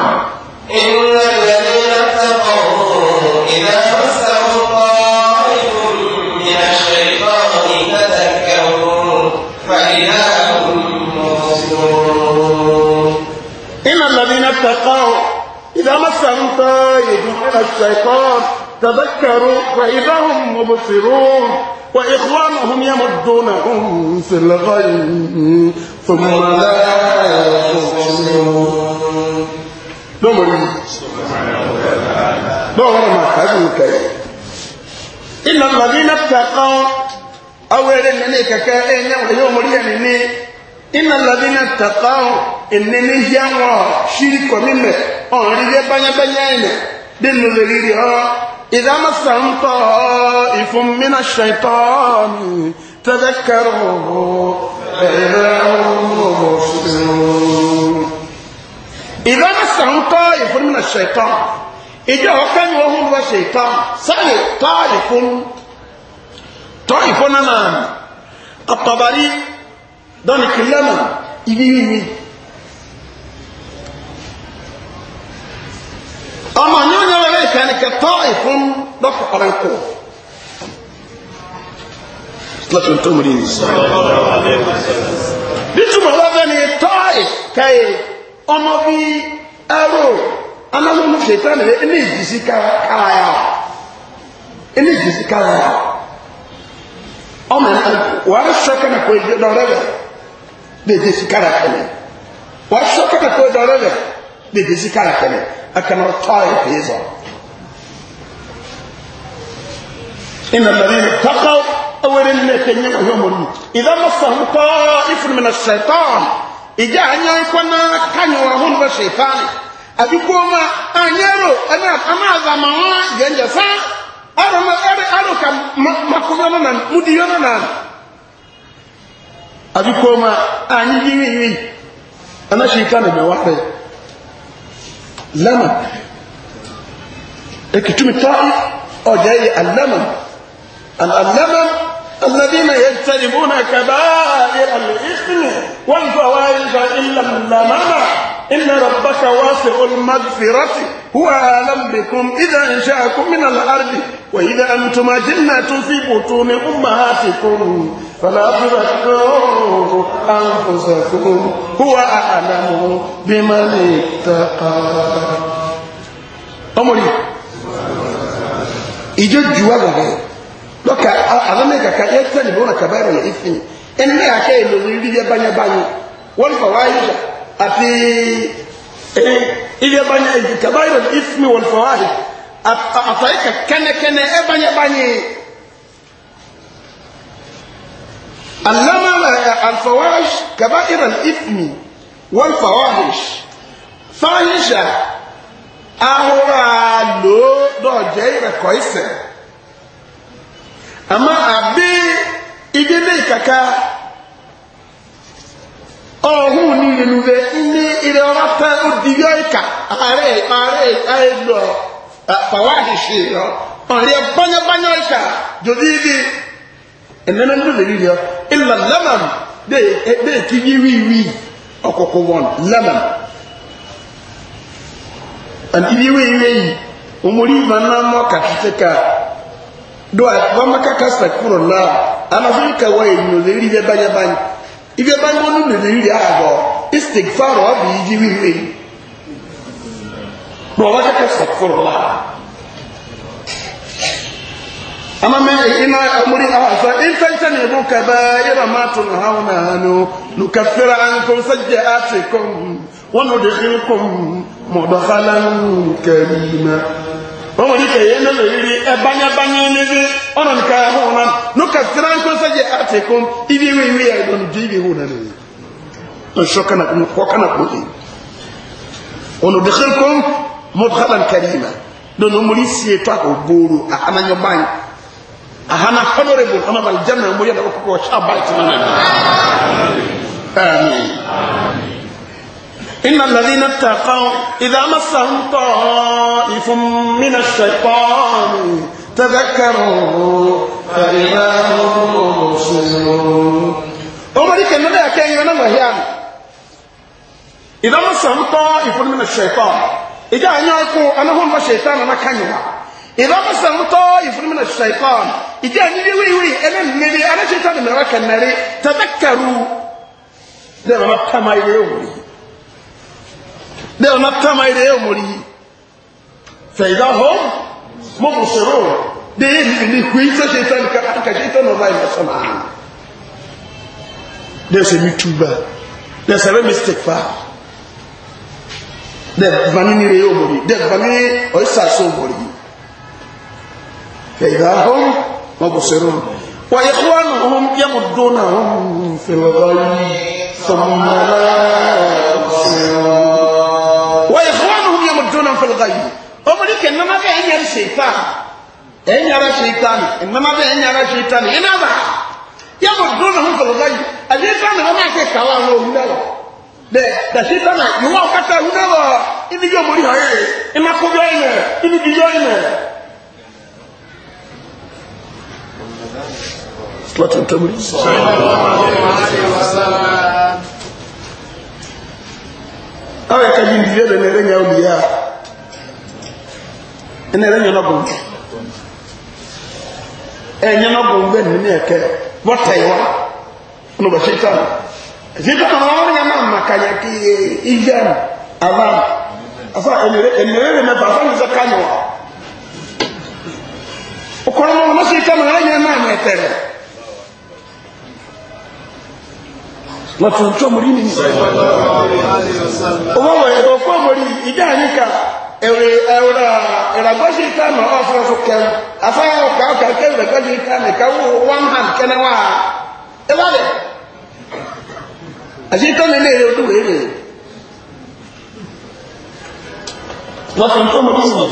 إن الذين اتقوا إذا مسهم طائف من الشيطان تذكروا فإذا هم مبصرون وإخوانهم يمدونهم في الغي ثم لا يبصرون نمر نمر ما حدوك إن الذين اتقوا أولا أنك كائن ويوم ريان مني ina ladina taqaw enene hianwa shiri komime ọ̀rọ̀ ilé bányabányá ẹ̀nẹ̀ dínú lè rírí ọ́ ìdámọ́sà ń tọ́ ìfún mínà ṣẹ̀tọ́n tẹ́lẹ̀kẹ́rọ̀ ẹ̀rẹ́ ìdámọ́sà ń tọ́ ìfún mínà ṣẹ̀tọ́n ìjọ ọ̀kẹ́ ni wọ́n hùwà ṣẹ̀tọ́n sẹ́yìn tọ́ ìfún tọ́ ìfún náà àtọ̀bàrí donc kìlọ́mà ibi yìí ọmọ ní ọjọ́ rẹ̀ ìfẹ́ ni kẹtọ́ ìfún lọ́kọ̀ ọ̀rẹ́ kù lọ́kọ̀ tó mú nínú nítumọ̀ lọ́fẹ́ ni tọ́ ìkẹyẹ ọmọ bí ẹrù anáwọ̀mú ṣètàn rẹ̀ ní ìjìsí kára yà ní ìjìsí kára yà ọmọ ẹ̀rọ wàá sọ kẹ́nà kó ẹgbẹ́ lọ́rẹ́ rẹ̀ dede sikara kɛlɛ wɔresɔ kɛkɛ kɔ dɔrɔ lɛ dede sikara kɛlɛ akɛnɛ tɔɔ yɛ fɛ zɔn ina lɛbi tɔkɔ awere ne tɛ nye wɔyɔ mɔri idan ma sɔn tɔɔ ifun mina sɛtɔn ìjà anyan kɔnɔ kanyɔrɔ hɔn bɛ sèpaani àti kóma anyaro ɛnɛ amáàzàmà wọn yɛn jɛ sá ɛrɛ ɛrɛ ɛrɛ ka makomɛ nana mudi yɔrɔ nana. abikoma anyi jiwiwi anashirikana na wale lama ikitumi taif ojai allama الألم الذين يجتنبون كبائر الإثم والفواحش إلا اللمم إن ربك واسع المغفرة هو أعلم بكم إذا أنشأكم من الأرض وإذا أنتم جنة في بطون أمهاتكم فلا تذكروا أنفسكم هو أعلم بمن اتقى أمري ijo juwa lọrẹ lọka alame kaka yẹ tẹ ni bọna kaba yẹrẹ ifi ẹni ní akẹ yẹ lórí ilé banyabanye wọn fọ wá yíya àti ilé banyabanye kaba yẹrẹ ifi wọn fọ wá yẹ àtàyè kẹnẹkẹnẹ ẹ banyabanye. علم الفواحش كبائر الإثم والفواحش فاحشة ahora lo dɔjɛ yɛrɛ kɔ isɛ ama abe idile kaka ɔhun nínú bɛ ní ilé ɔba pɛ odibi ayika are are ayi lɔ fawaahisi lɔ ɔyɛ banyabanya ayika jodi bi ẹnẹnẹ mu lè rí rẹ ìlà lẹ́màm dé kí yí wíwí ọ̀kọ̀kọ̀ wọn lẹ́màm àti yí wíwí yìí omori mana mọ kàtìtìkà do àbámakà kásìtà kúrò náà anafin kawa èyí lè rí rẹ báyabáyà ibi abáyé wọn lè rí rẹ àgọ istik fáwọn ọbì yí wíwí rẹ wọ́n wá kẹ́kẹ́ sọ̀kúrò náà amuri أما ما إنا أمري أهفا إن تجتنبوا كبائر ما تنهون عنه نكفر عنكم سيئاتكم وندخلكم مدخلا كريما wọ́n wọ́n ní kẹ̀yẹ́ ẹ̀nà lórí ẹ̀bányábányá níbi ọ̀nà nìkan ẹ̀hún ọ̀nà nùkà síra ń kó sẹ́jẹ̀ àtẹ̀kùn ibi ìwé ìwé ẹ̀dọ̀nù jẹ́ ibi ìwé ọ̀nà nìyí ọ̀ṣọ́ kánà kó lè ọ̀nà òdìkẹ́kùn mọ́tòkálà nkẹ́rì ìmà lọ́nà ọmọlẹ́sì ètò àkọ́gbòòrò àhánányọ́bányá أنا honorable ona bal janna mo yada ko إن الذين اتقوا إذا مسهم طائف من الشيطان تذكروا فإذا هم مبصرون أمري كنا لا كان ينا إذا مسهم طائف من الشيطان إذا أن أقول أنا هم الشيطان أنا كان ينا ìlọ́mọ sàmútọ́ ìfúnmínà ṣẹ̀kọ́n ìdí ẹni bí wíwí ẹni mìírí aláṣẹ́tọ́ ni mẹ́rọ kẹmẹ́rí tẹ́tẹ́kẹ̀rú dẹ́rọ̀mọ́ tàmà ilé òmùrí dẹ́rọ̀mọ́ tàmà ilé òmùrí fẹ̀yìdáhó mọ́mùsòrò déyé ní kú yí sẹ́ṣẹ́ tán kàṣẹ́ tán ọ̀la ìmọ̀sánà dẹ́sẹ̀ mi túbà dẹ́sẹ̀ rẹ̀ mi sèkpà dẹ́rọ̀ bani ní ilé òmùrí dẹ́rọ̀ bani ọ̀yẹ́sà sọ̀ òmùrí فإذا هم مبصرون وإخوانهم يمدونهم في الغي ثم لا يبصرون وإخوانهم يمدونهم في الغي أمريك إنما بأن يرى الشيطان أن يرى الشيطان إنما بأن يرى الشيطان إنما يمدونهم في الغي الشيطان هو ما كيكواه هنا dasita na yiwa kata hunaba ibi yomori haye imakobi ayi na ibi bi yɔ ayi na láti tó mi. awo yɛ ka yi ndi yɛlɛ nɛrɛ nyɛ ɔbi ya nɛrɛ nyɛ nɔbɔ ɛ nyɛ nɔbɔ bɛ nini yɛ kɛ wɔtɛ yi wa n'oba sita sita kɔnɔ wɔn nyɛ maa ma ka yɛ ki iyan ava afa ɛnɛrɛ ɛnɛrɛ yɛ mɛ ba afa nisɛ ka nyɛ wa ɔkɔlɔn wɔn sita ma ɛnyɛ maa ma ɛtɛrɛ. lọ́tún tó mú rí nìyí. owó wọ̀nyẹ̀ tó fún ọmọ rí ìjà yín ká èrè ẹ̀rọ ìràgbọ́sí ìtànà ọ̀fọ̀ọ̀fọ̀ kẹrin afáyà ọ̀kà ọ̀kà kẹrin ìràgbọ́sí ìtànà káwọ́ one hand kẹ́nẹ́ wá. ẹ wá bẹ̀. àti ìtọ́ni ilé yóò dùn wéèrè. lọ́tún tó mú rí nìyí.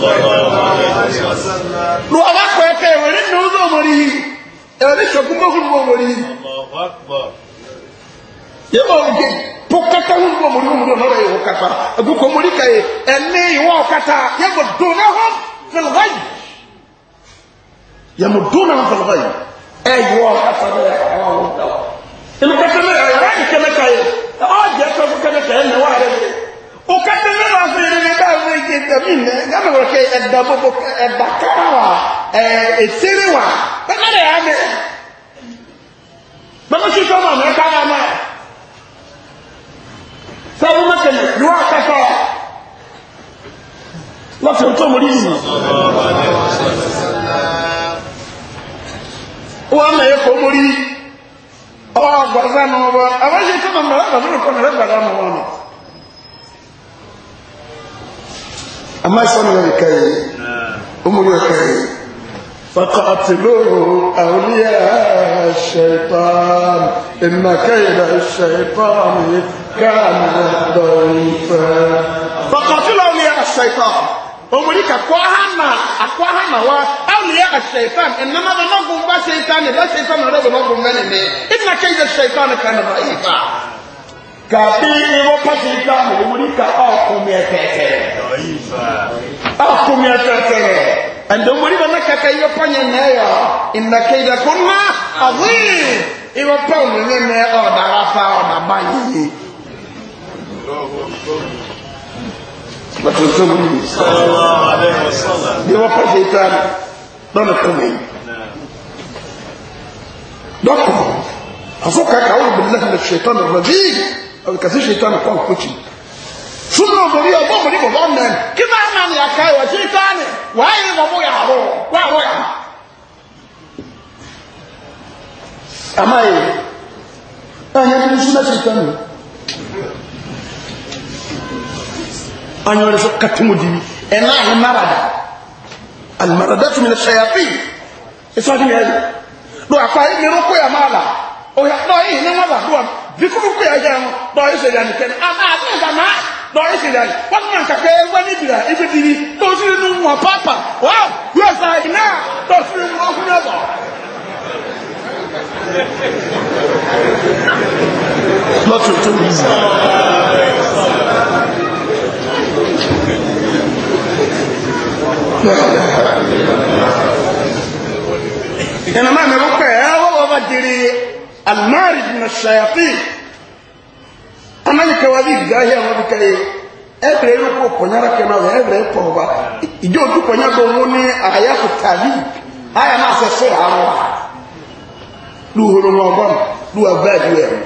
lu ọba kọ ẹ̀ka ẹ̀wẹ̀rẹ̀ ní ọdún ọmọ rí ẹ̀wẹ̀rẹ̀ ṣọ̀kú mọ́kùnrin ọmọ rí yẹn náà wọ́n gé po kata wọn bọ mọ ní wọn o lọ́rọ̀ yẹ wọ́n kata agukọ mọ ní ka yẹ ẹni ìwọ kata yẹ mọ dùn náà hàn fẹlẹ yìí yẹ mọ dùn náà fẹlẹ yìí ẹ ìwọ kata náà yẹ àwọn àwọn ọ̀dà wọn. ìlú kẹtẹ náà yẹ yàrá yìí kẹmẹka yẹ ọ jẹ kẹ fún kẹmẹka yẹ mẹwàá yẹ mi. o kata náà wà fún yẹn ní bá wọn yẹ dàbí nẹ gánà wọn kẹ ẹdà bọbọ ẹdà kára wa ẹ ẹsẹrẹ wa bẹ́ẹ̀ náà yà á mẹ bẹ́ẹ̀ sáwọn mẹ́kẹ̀lẹ̀ ni wọ́n kẹsọ̀ láti ọjọ́ mọ̀rí yìí wọ́n mẹ́yẹ kò mọ̀rí ọwọ́ gbàgbà náà wọ́n àwọ́yẹ tó nà mẹ́rẹ́ gbàgbà náà kọ́nà gbàgbà náà wọ́n àmà ìsọ́nà ẹ̀kẹ́ yìí ó mọ̀rí ẹ̀kẹ́ yìí فقاتلوا أولياء الشيطان إن كيد الشيطان كان ضعيفا فقاتلوا أولياء الشيطان أمريكا كوهانا أكوهانا أولياء الشيطان إنما نقوم بشيطان لا شيطان ولا نقوم منه إن كيد الشيطان كان ضعيفا kàbí irọ́ pàṣẹ ìdáhùn òmùrí ká ọkùnrin ẹ̀fẹ̀ẹ̀fẹ̀ ọkùnrin ndomori bana kaka iyo panye neyo inna kaida kunna azim iwa pa umenye ne oda rafa oda bayi batoto muni sallallahu alaihi wasallam iwa pa shaitan dona kumi doko afuka kaulu billahi min ash-shaytan ar-rajim au kasi shaitan kwa kuchi súnmọ́ òmòrí ọgbọ́n òmòrí bọ̀bọ́ mẹ́rin kí bá ń nàní àká ìwà tí ká ní wàá yìí bọ̀bọ́ yà rọ̀ wà rọ̀ yà. àmà yìí ẹ̀yẹ́ kí ni súnmọ́ sí ìtàn mi. anyọ̀rẹ́ sọ kàtúmọ̀dì ẹ̀ náà ní márada alimarada tún ní sẹ́yàfì ẹ̀sọ́ àti yẹn lọ àpá yìí mi rúkú yà máa là òyà náà yìí ní wọn là dùn àmì bí kúrúkú yà jẹun náà yìí sẹ́yà nìkẹ́ni àmà àti ìgbà náà dɔɔni si dai wakuma nkakɛ wani bira ibi diri dɔɔsiri nu wɔ paapa wa yɛ sa ina dɔɔsiri nu ɔkunyɛ bɔ. lọ́tù tó wù sí. ìnana mi kò pẹ́ ẹ́ wọ́n wọ́n bá diri alimari na ṣayàfin amalika e, wa bi gahi a wabi ka ye ɛbɛrɛ yi ko kɔnyara kɛ na ɛbɛrɛ tɔɔba ìjọ ojú kɔnya dɔn wọn ni àyà kò tàbí àyà náà sɛ sɛ àwọn wa lu horo wọn bɔ mu lu wa bá ju yɛ mu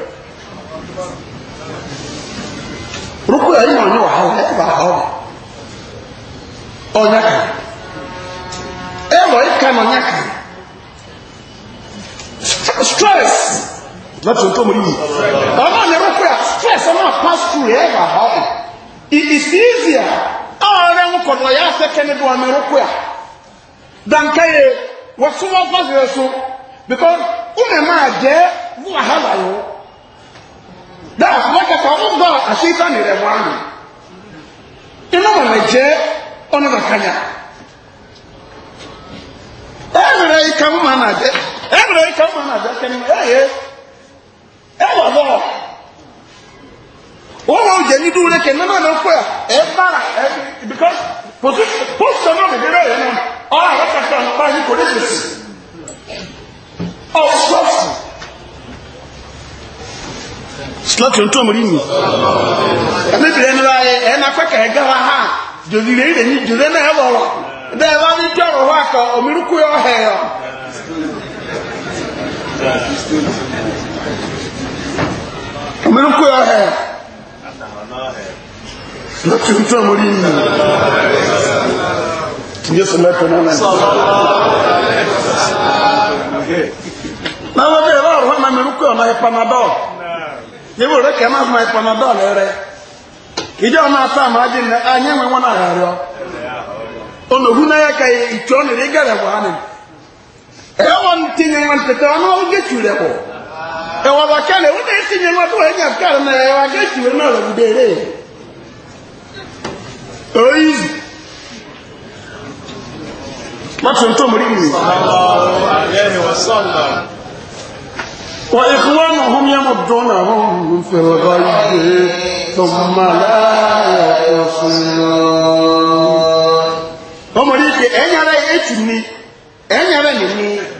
rukun yɛ yi ma ɔnyɛ wa ha wa ɛyɛ ba ha wa ɔnya kan ɛwɔ yi kan ɔnya kan stress láti ohun tó mú yìí ọ̀nà ni rúkú yà stress ọ̀nà pass through ever. bà hà bù it is easier ọ̀rẹ́ ń kọ̀ lọ́yà sẹ́kẹ́ ní duwami rúkú yà dankaye wọ́n sún wọ́n fọ́sí rẹ̀ sún because ọ̀nà máa jẹ́ wàhálà yìí dáa wọ́n kẹta ó gbọ́ àṣeyíká ní rẹ̀ wọ́n àná inú wọn jẹ́ ọ̀nà kàkànyà ẹ̀rẹ̀ ìkàwọ́ máa nà jẹ́ ẹ̀rẹ̀ ìkàwọ́ máa nà jẹ́ kẹ́ni ẹ̀yẹ ẹwà lọ wọ́n wọ́n jẹ́ ní dúró lẹ́kẹ̀ẹ́ nínú ẹ̀nà fún ẹ̀ ẹ̀ bára ẹ̀ because position position náà nìgbẹ́ bẹ́ẹ̀ yẹn náà ọ̀rọ̀ àwọn kàkà àwọn bá yìí kò ní sèse ọ̀ sọ́ọ̀sì slọ́tì tó mú rí mi ẹ̀mẹ́bìrì ẹni bá yẹ ẹ̀ náà pẹ́kẹ̀ ẹ̀ gára ha jòdì rẹ̀ rẹ̀ ní jòdì náà ẹ̀ wọ̀rọ̀ bẹ́ẹ̀ bá ní jọ̀rọ̀ wá kọ òmìnirúkú yọ ọ̀hẹ̀ yọ. omeru kwe ọhẹ lọtí ntọ́ ọmọdé yìí tìyẹ sọ mẹtọ náà náà náà wọ́n bẹ̀rẹ̀ báwọn ọ̀hún náà mẹru kwe ọ̀nà ìpanadọ́ yẹ́wò rẹ̀ kẹ́ máa fún ma ìpanadọ́ lẹ́rẹ́ ìjọ ọ̀nà àtọ́ àmọ́ ajé nà ányẹ́ wọn wọn àhà rẹ̀ ẹwà wàkẹ́lẹ̀ ó na-etinye yẹn lọ́dún ẹ̀yìn na náà ẹwà gẹ́ẹ̀sì wẹ̀ náà lọ́dún dèrè oyizi mọ́tún tó mọ̀rí nìyí. wà ìkúwà náà hún yẹn mọ̀ dùn náà hún fẹ̀rẹ̀ báyìí tó máa láàyè fún ni ẹ̀yàrá nìyí.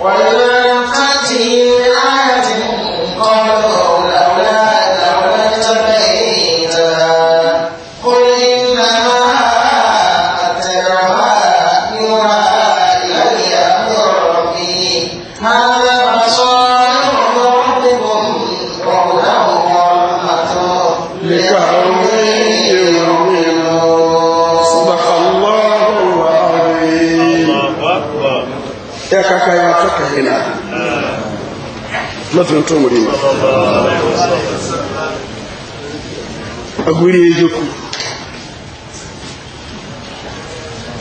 ومن تأتيهم آية قالوا
لولا
ní tó mú rí ní agbúrí ejókù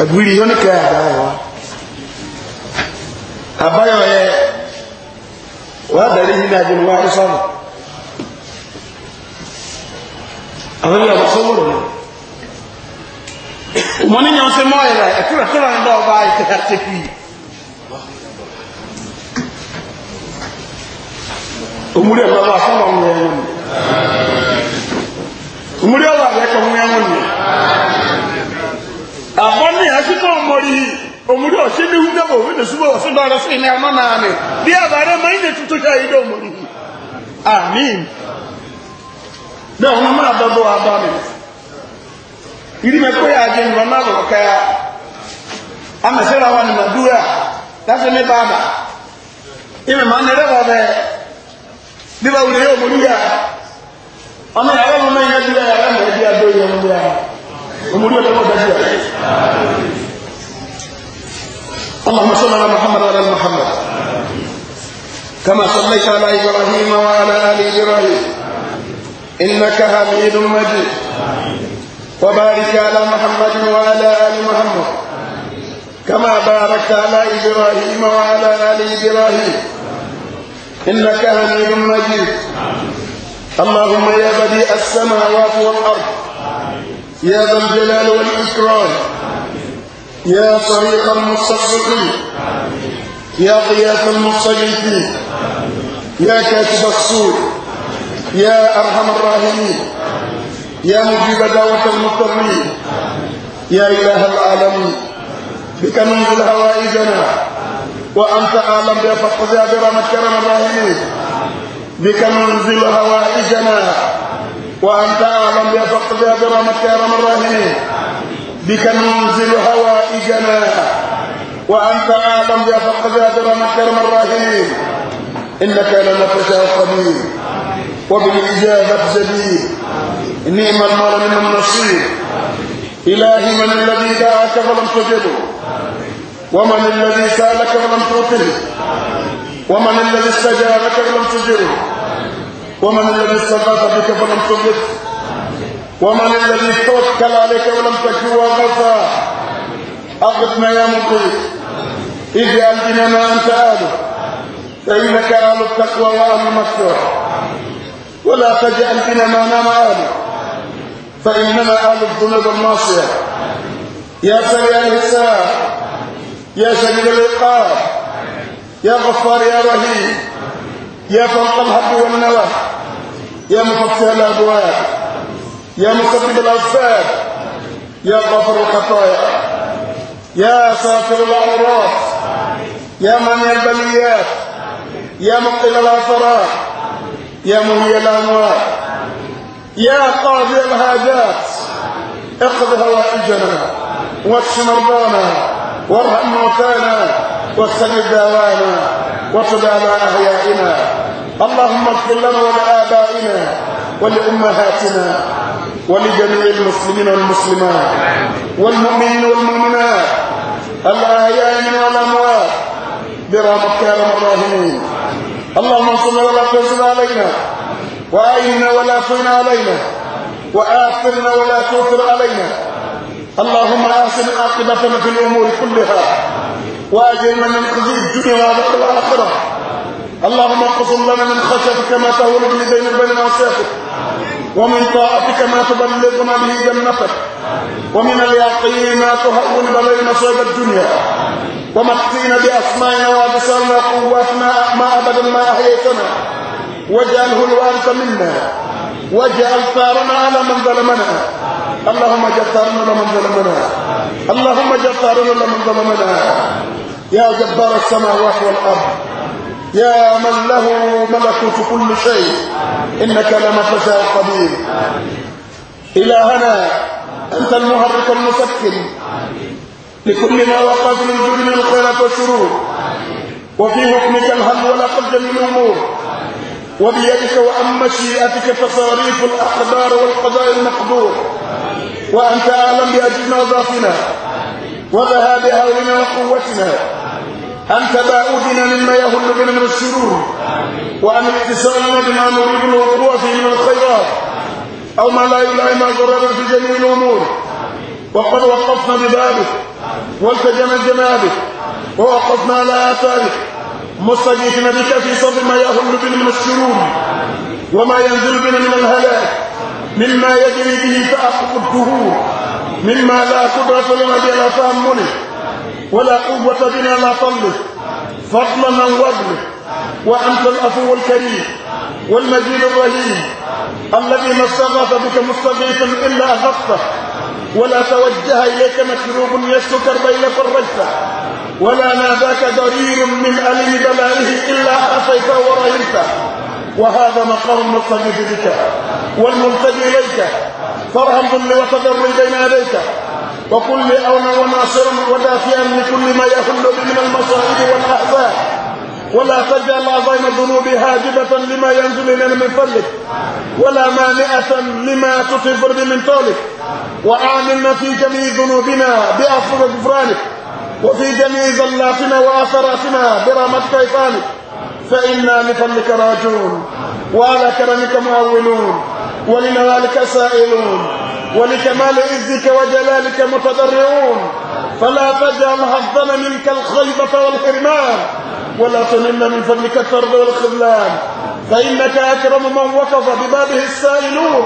agbúrí yóò ní káyà dáwọ́ àbáyọ̀ yẹ wà dàrí yìí náà jẹun wáyé sọ́nà àwọn ilé ọ̀sán wúrò náà mọ́ níyàn sí mọ́ ẹ̀rẹ̀ ẹ̀kúrẹ̀kúrẹ̀ ń dọ̀ ọba ìtẹ̀kẹ́ omuri ɛmɛ wa sɔn ma ŋun ɛwɔ ni omuri ɛwɔ abɛ kɔ ŋun ɛwɔ ni abɔni asitɔ mɔri omuri ɔsi ni hu dɛbɔ omi nesu bɛ ɔsi dɔwɛrɛ si ni ɛmɔ naani bi abaare ma yi ne tutu ya yi dɛ omuri amin bɛ ɔmo ma dɔdɔ aba mi yiri mɛ kó yà adi ŋlɔ ma lɔ kɛya amesera wani ma du ya lati mi ba da imi ma nere yà اللهم صل على محمد وعلى ال محمد كما صليت على ابراهيم وعلى ال ابراهيم انك حميد مجيد وبارك على محمد وعلى ال محمد كما باركت على ابراهيم وعلى ال ابراهيم إنك حميد مجيد اللهم يا بديع السماوات والأرض يا ذا الجلال والإكرام يا صريق المستصدقين يا قياس المستجيبين يا كاتب السور يا أرحم الراحمين يا مجيب دعوة المضطرين يا إله العالمين بك ننزل هوائجنا وأنت أعلم بها فاقضيها برحمتك يا رب الراحمين بك ننزل هوائجنا وأنت أعلم بها فاقضيها برحمتك يا رب الراحمين بك ننزل هوائجنا وأنت أعلم بها فاقضيها برحمتك يا رب الراحمين إنك لما تشاء قدير وبالإجابة جدير نعم المرء من النصير إلهي من الذي دعاك فلم تجده ومن الذي سالك ولم تعطه ومن الذي استجارك ولم تجره ومن الذي استغاث بك فلم تغفر ومن الذي توكل عليك ولم تكن وغفا أغفنا يا مقيم اجعل بنا ما أنت اهل فإنك أهل التقوى وأهل المغفرة ولا تجعل بنا ما نام اهل فإننا أهل الذنوب المعصية يا سريع الحساب يا شديد العقاب يا غفار يا رهيم يا فوق الحق والنوى يا مفتح الابواب يا مسبب الاسباب يا غفر الخطايا يا ساتر العورات يا من البليات يا مقل الآثرات يا مهي الأموات يا قاضي الهاجات اقض هوائجنا واكش مرضانا وارحم موتانا واستجب دعوانا وصل على أهيائنا اللهم اغفر لنا ولآبائنا ولأمهاتنا ولجميع المسلمين والمسلمات والمؤمنين والمؤمنات الأحياء والأموات برحمتك يا رب الراحمين اللهم انصرنا ولا تنصر علينا وآينا ولا تعن علينا وآثرنا ولا تؤثر علينا اللهم احسن عاقبتنا في الامور كلها واجرنا من خزي الدنيا والاخره اللهم اقسم لنا من خشيتك ما تهول به بين بيننا وسيفك ومن طاعتك ما تبلغنا به جنتك ومن اليقين ما تهون بين مصائب الدنيا ومتقينا بأسمائنا وأبصارنا وقواتنا ما أبدا ما أحييتنا واجعله الوارث منا واجعل ثارنا على من ظلمنا اللهم اجعل ثارنا على من ظلمنا اللهم اجعل ثارنا على من ظلمنا يا جبار السماوات والارض يا من له ملكوت كل شيء انك لما تشاء قدير الهنا انت المحرك المسكن لكل ما وقف من جبن الخيرات والشرور وفي حكمك الهم ولا والعقل من الامور وبيدك وعن مشيئتك تصاريف الأقدار والقضاء المقدور وأنت أعلم بأجلنا وضعفنا وذهاب أهلنا وقوتنا أنت باعودنا مما يهل بنا من الشرور وأن اتصالنا بما نريد الوقوع فيه من الخيرات أو ما لا ما ضرر في جميع الأمور وقد وقفنا ببابك والتجمع جنابك ووقفنا على آثارك مستغيثنا بك في صف ما يهل بنا من الشرور وما ينزل بنا من الهلاك مما يجري به فأحق الدهور مما لا قدرة لنا بلا تأمله ولا قوة بنا لا طله فضلا عن وضله وأنت الأفو الكريم والمجيد الرهيم الذي ما استغاث بك مستغيثا إلا أغفته ولا توجه إليك مكروب يشكو كربا إلى فرجته ولا ناداك ضرير من ألم بلائه إلا عصيته ورهنته وهذا مقام المقتدي بك والملتدي إليك فارحم ظل وتضر بين يديك وكل لأونا وناصرا ودافئا لكل ما يهل من المصائب والأحزاب ولا تجعل عظيم الذنوب هاجبة لما ينزل إلينا من فضلك ولا مانئة لما تصفر به من طولك وآمنا في جميع ذنوبنا بأفضل غفرانك وفي جميع زلاتنا وآثراتنا برامة إيطانك فإنا لفضلك راجون وعلى كرمك معولون ولنوالك سائلون ولكمال عزك وجلالك متضرعون فلا تجعل حظنا منك الخيبة والحرمان ولا تنم من فضلك الفرد والخذلان فإنك أكرم من وقف ببابه السائلون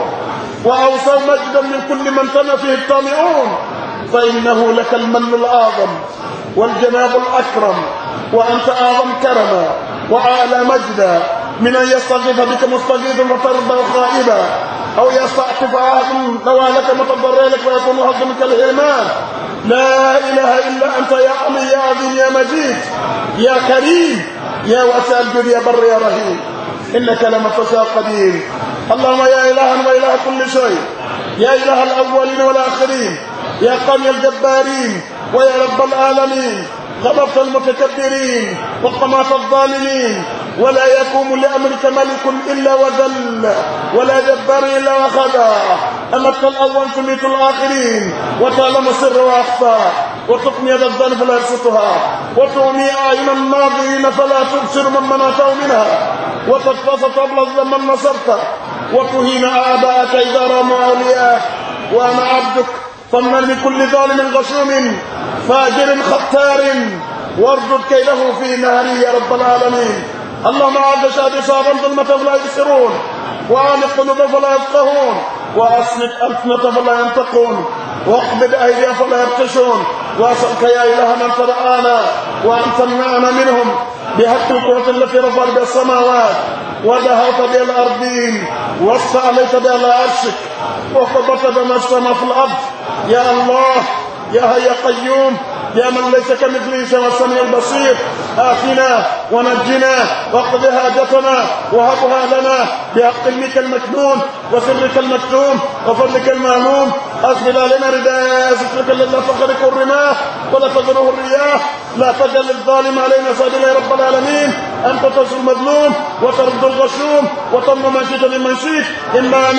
وأوصى مجدا من كل من تم فيه الطامعون فإنه لك المن الأعظم والجناب الأكرم وأنت أعظم كرما وأعلى مجدا من أن يستغيث بك مستغيث وترضى خائبا أو يستعطف عهد نوالك متضرع لك ويكون هضمك الإيمان لا إله إلا أنت يا عمي يا عظيم يا مجيد يا كريم يا واسع الجود يا بر يا رهيم إنك لمفتى قدير اللهم يا إلها وإله كل شيء يا إله الأولين والآخرين يا قوي الجبارين ويا رب العالمين غضبت المتكبرين وقمعت الظالمين ولا يقوم لأمرك ملك إلا وذل ولا جبار إلا وخدع أمدت الأول تميت الآخرين وتعلم سر وأخفى وتقني يد الظن فلا يبسطها وتغني أعين الناظرين فلا تبصر من منعته منها وتكفص طبل الذنب من نصرت وتهين آباءك إذا رمى أولياءك وأنا عبدك فمن لكل ظالم غشوم فاجر ختار واردد كيده في نهري يا رب العالمين اللهم أعز شهد إصابا ظلمة فلا يبصرون وانق قلوبهم فلا يفقهون وأسند الفنه فلا ينطقون واقبض ايديا فلا يبطشون وأسألك يا إله من ترانا وأن تمنعنا منهم بحق الكرة التي رفعت بها السماوات ودهوت بها الأرضين واستعليت بها عرشك وقبضت بما اجتمع في الأرض يا الله يا هيا قيوم يا من ليس كمثله سوى السميع البصير آتنا ونجنا واقض هاجتنا وهبها لنا بحق علمك المكنون وسرك المكتوم وفضلك المعلوم أسبل علينا رداء سترك الذي فقرك الرماح ولا تجره الرياح لا تجعل الظالم علينا سبيلا يا رب العالمين أنت تنصر المظلوم وترد الغشوم وتمنع ما شئت ممن شئت إما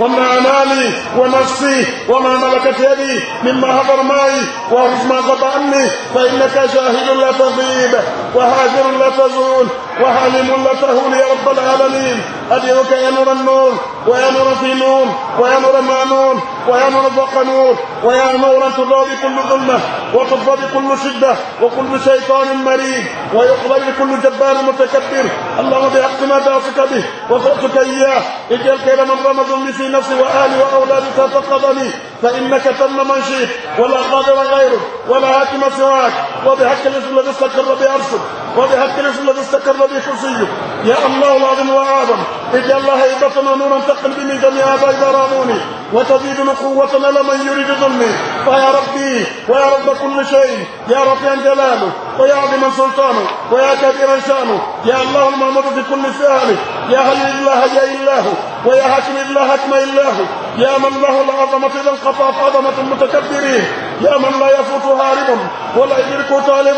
وما مالي ونفسي وما ملكت يدي مما هضر معي واهز ما غطى عني فإنك جاهل لا تغيب وهاجر لا تزول وهل ملته يا رب العالمين أدعوك يا نور النور ويا نور في نور ويا نور مع نور ويا نور فوق نور ويا نور تضادي كل ظلمة وتضادي كل شدة وكل شيطان مريض ويقضي كل جبار متكبر اللهم بحق ما تعصك به وخلقك إياه اجعل خير من رمض لي في نفسي وأهلي وأولادي فقدني فإنك تم من شئت ولا قادر غيرك ولا حاكم سواك وبحق الاسم الذي استقر به أرسل وبحق الاسم الذي استقر به كرسيه يا الله العظيم وأعظم الله هيبتنا نورا تقلبني جميع بيد راموني وتزيدنا قوة لمن يريد ظلمي فيا ربي ويا رب كل شيء يا رفيع جلاله ويا عظيما سلطانه ويا كبيرا شانه يا الله المعمود في كل سهل يا هل الله يا إله ويا حكم الله حكم الله يا من له العظمة إذا القطاف عظمة المتكبرين يا من لا يفوت هارب ولا يدرك طالب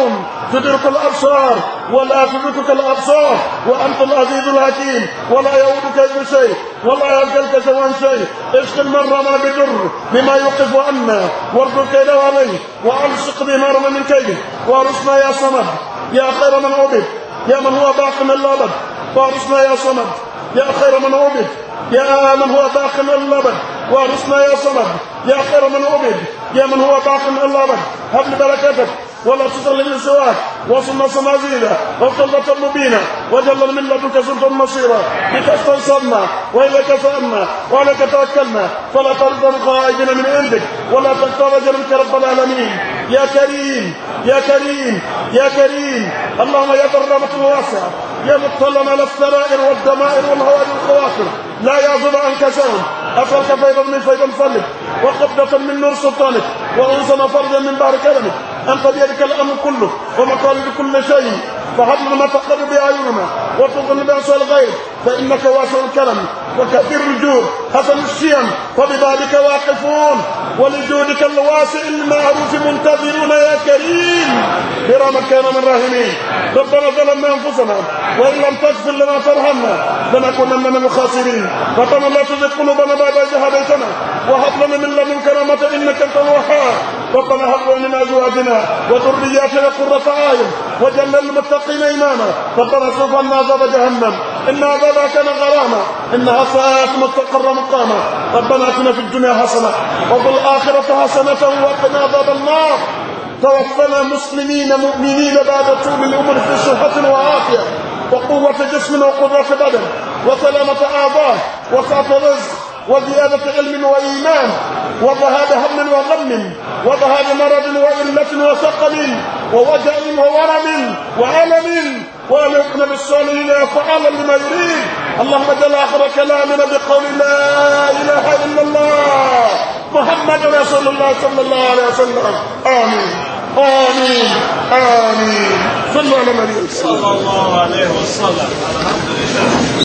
تدرك الأبصار ولا تدركك الأبصار وأنت العزيز الحكيم ولا اي شيء ولا يرجلك سوى شيء اشق المرمى بدر بما يوقف عنا وارد الكيد عليه وألصق بمرمى من كيده وارثنا يا صمد يا خير من عبد يا من هو باق للأبد وارثنا يا صمد يا خير من عبد يا من هو باق للأبد وارثنا يا صمد يا خير من عبد يا من هو ضعف الا بك هب لبركتك بركتك ولا تسر لي سواك وصل صنازيلا وقلبة مبينة وجل من لدنك سلطة مصيرا بك استنصرنا وإذا كفانا وعليك توكلنا فلا ترضى بقائدنا من عندك ولا تختار جنبك رب العالمين يا كريم يا كريم يا كريم اللهم يا ذا الرحمة الواسعة يا مطلنا على الثرائر والدمائر والهوادي والخواطر لا يعزب عنك سهم أفرت فيضا من فيض فلك وقبضة من نور سلطانك وأنزم فردا من بحر كلمك أنت بيدك الأمر كله ومقال لكل شيء فهب ما تقرب بأعيننا وتظن بأسوى الغير فإنك واسع الكرم وكثير الجود حسن الشيم فبذلك واقفون ولجودك الواسع المعروف منتظرون يا كريم كرام كان من راهمين ربنا ظلمنا أنفسنا وإن لم تغفر لنا فارحمنا لنكونن من الخاسرين ربنا لا تزغ قلوبنا بعد إذ هديتنا وهب لنا من لدنك رحمة إنك أنت الوهاب ربنا هب لنا من أزواجنا وذرياتنا قرة أعين وجعلنا للمتقين إماما ربنا سوف عنا عذاب جهنم إن عذاب كان غراما إنها ساءت مستقر مقاما ربنا أتنا في الدنيا حسنة وفي الآخرة حسنة وقنا عذاب النار توفنا مسلمين مؤمنين بعد طول الأمر في صحة وعافية وقوة جسم وقدرة بدن وسلامة أعضاء وسعة رزق وزيادة علم وإيمان وذهاب هم وغم وذهاب مرض وإلة وسقم ووجع وورم وألم يكون بالصالحين فعالا لما يريد اللهم جل آخر كلامنا بقول لا إله إلا الله محمد رسول الله صلى الله عليه وسلم آمين آمين آمين الله على
النبي صلى الله عليه وسلم الحمد لله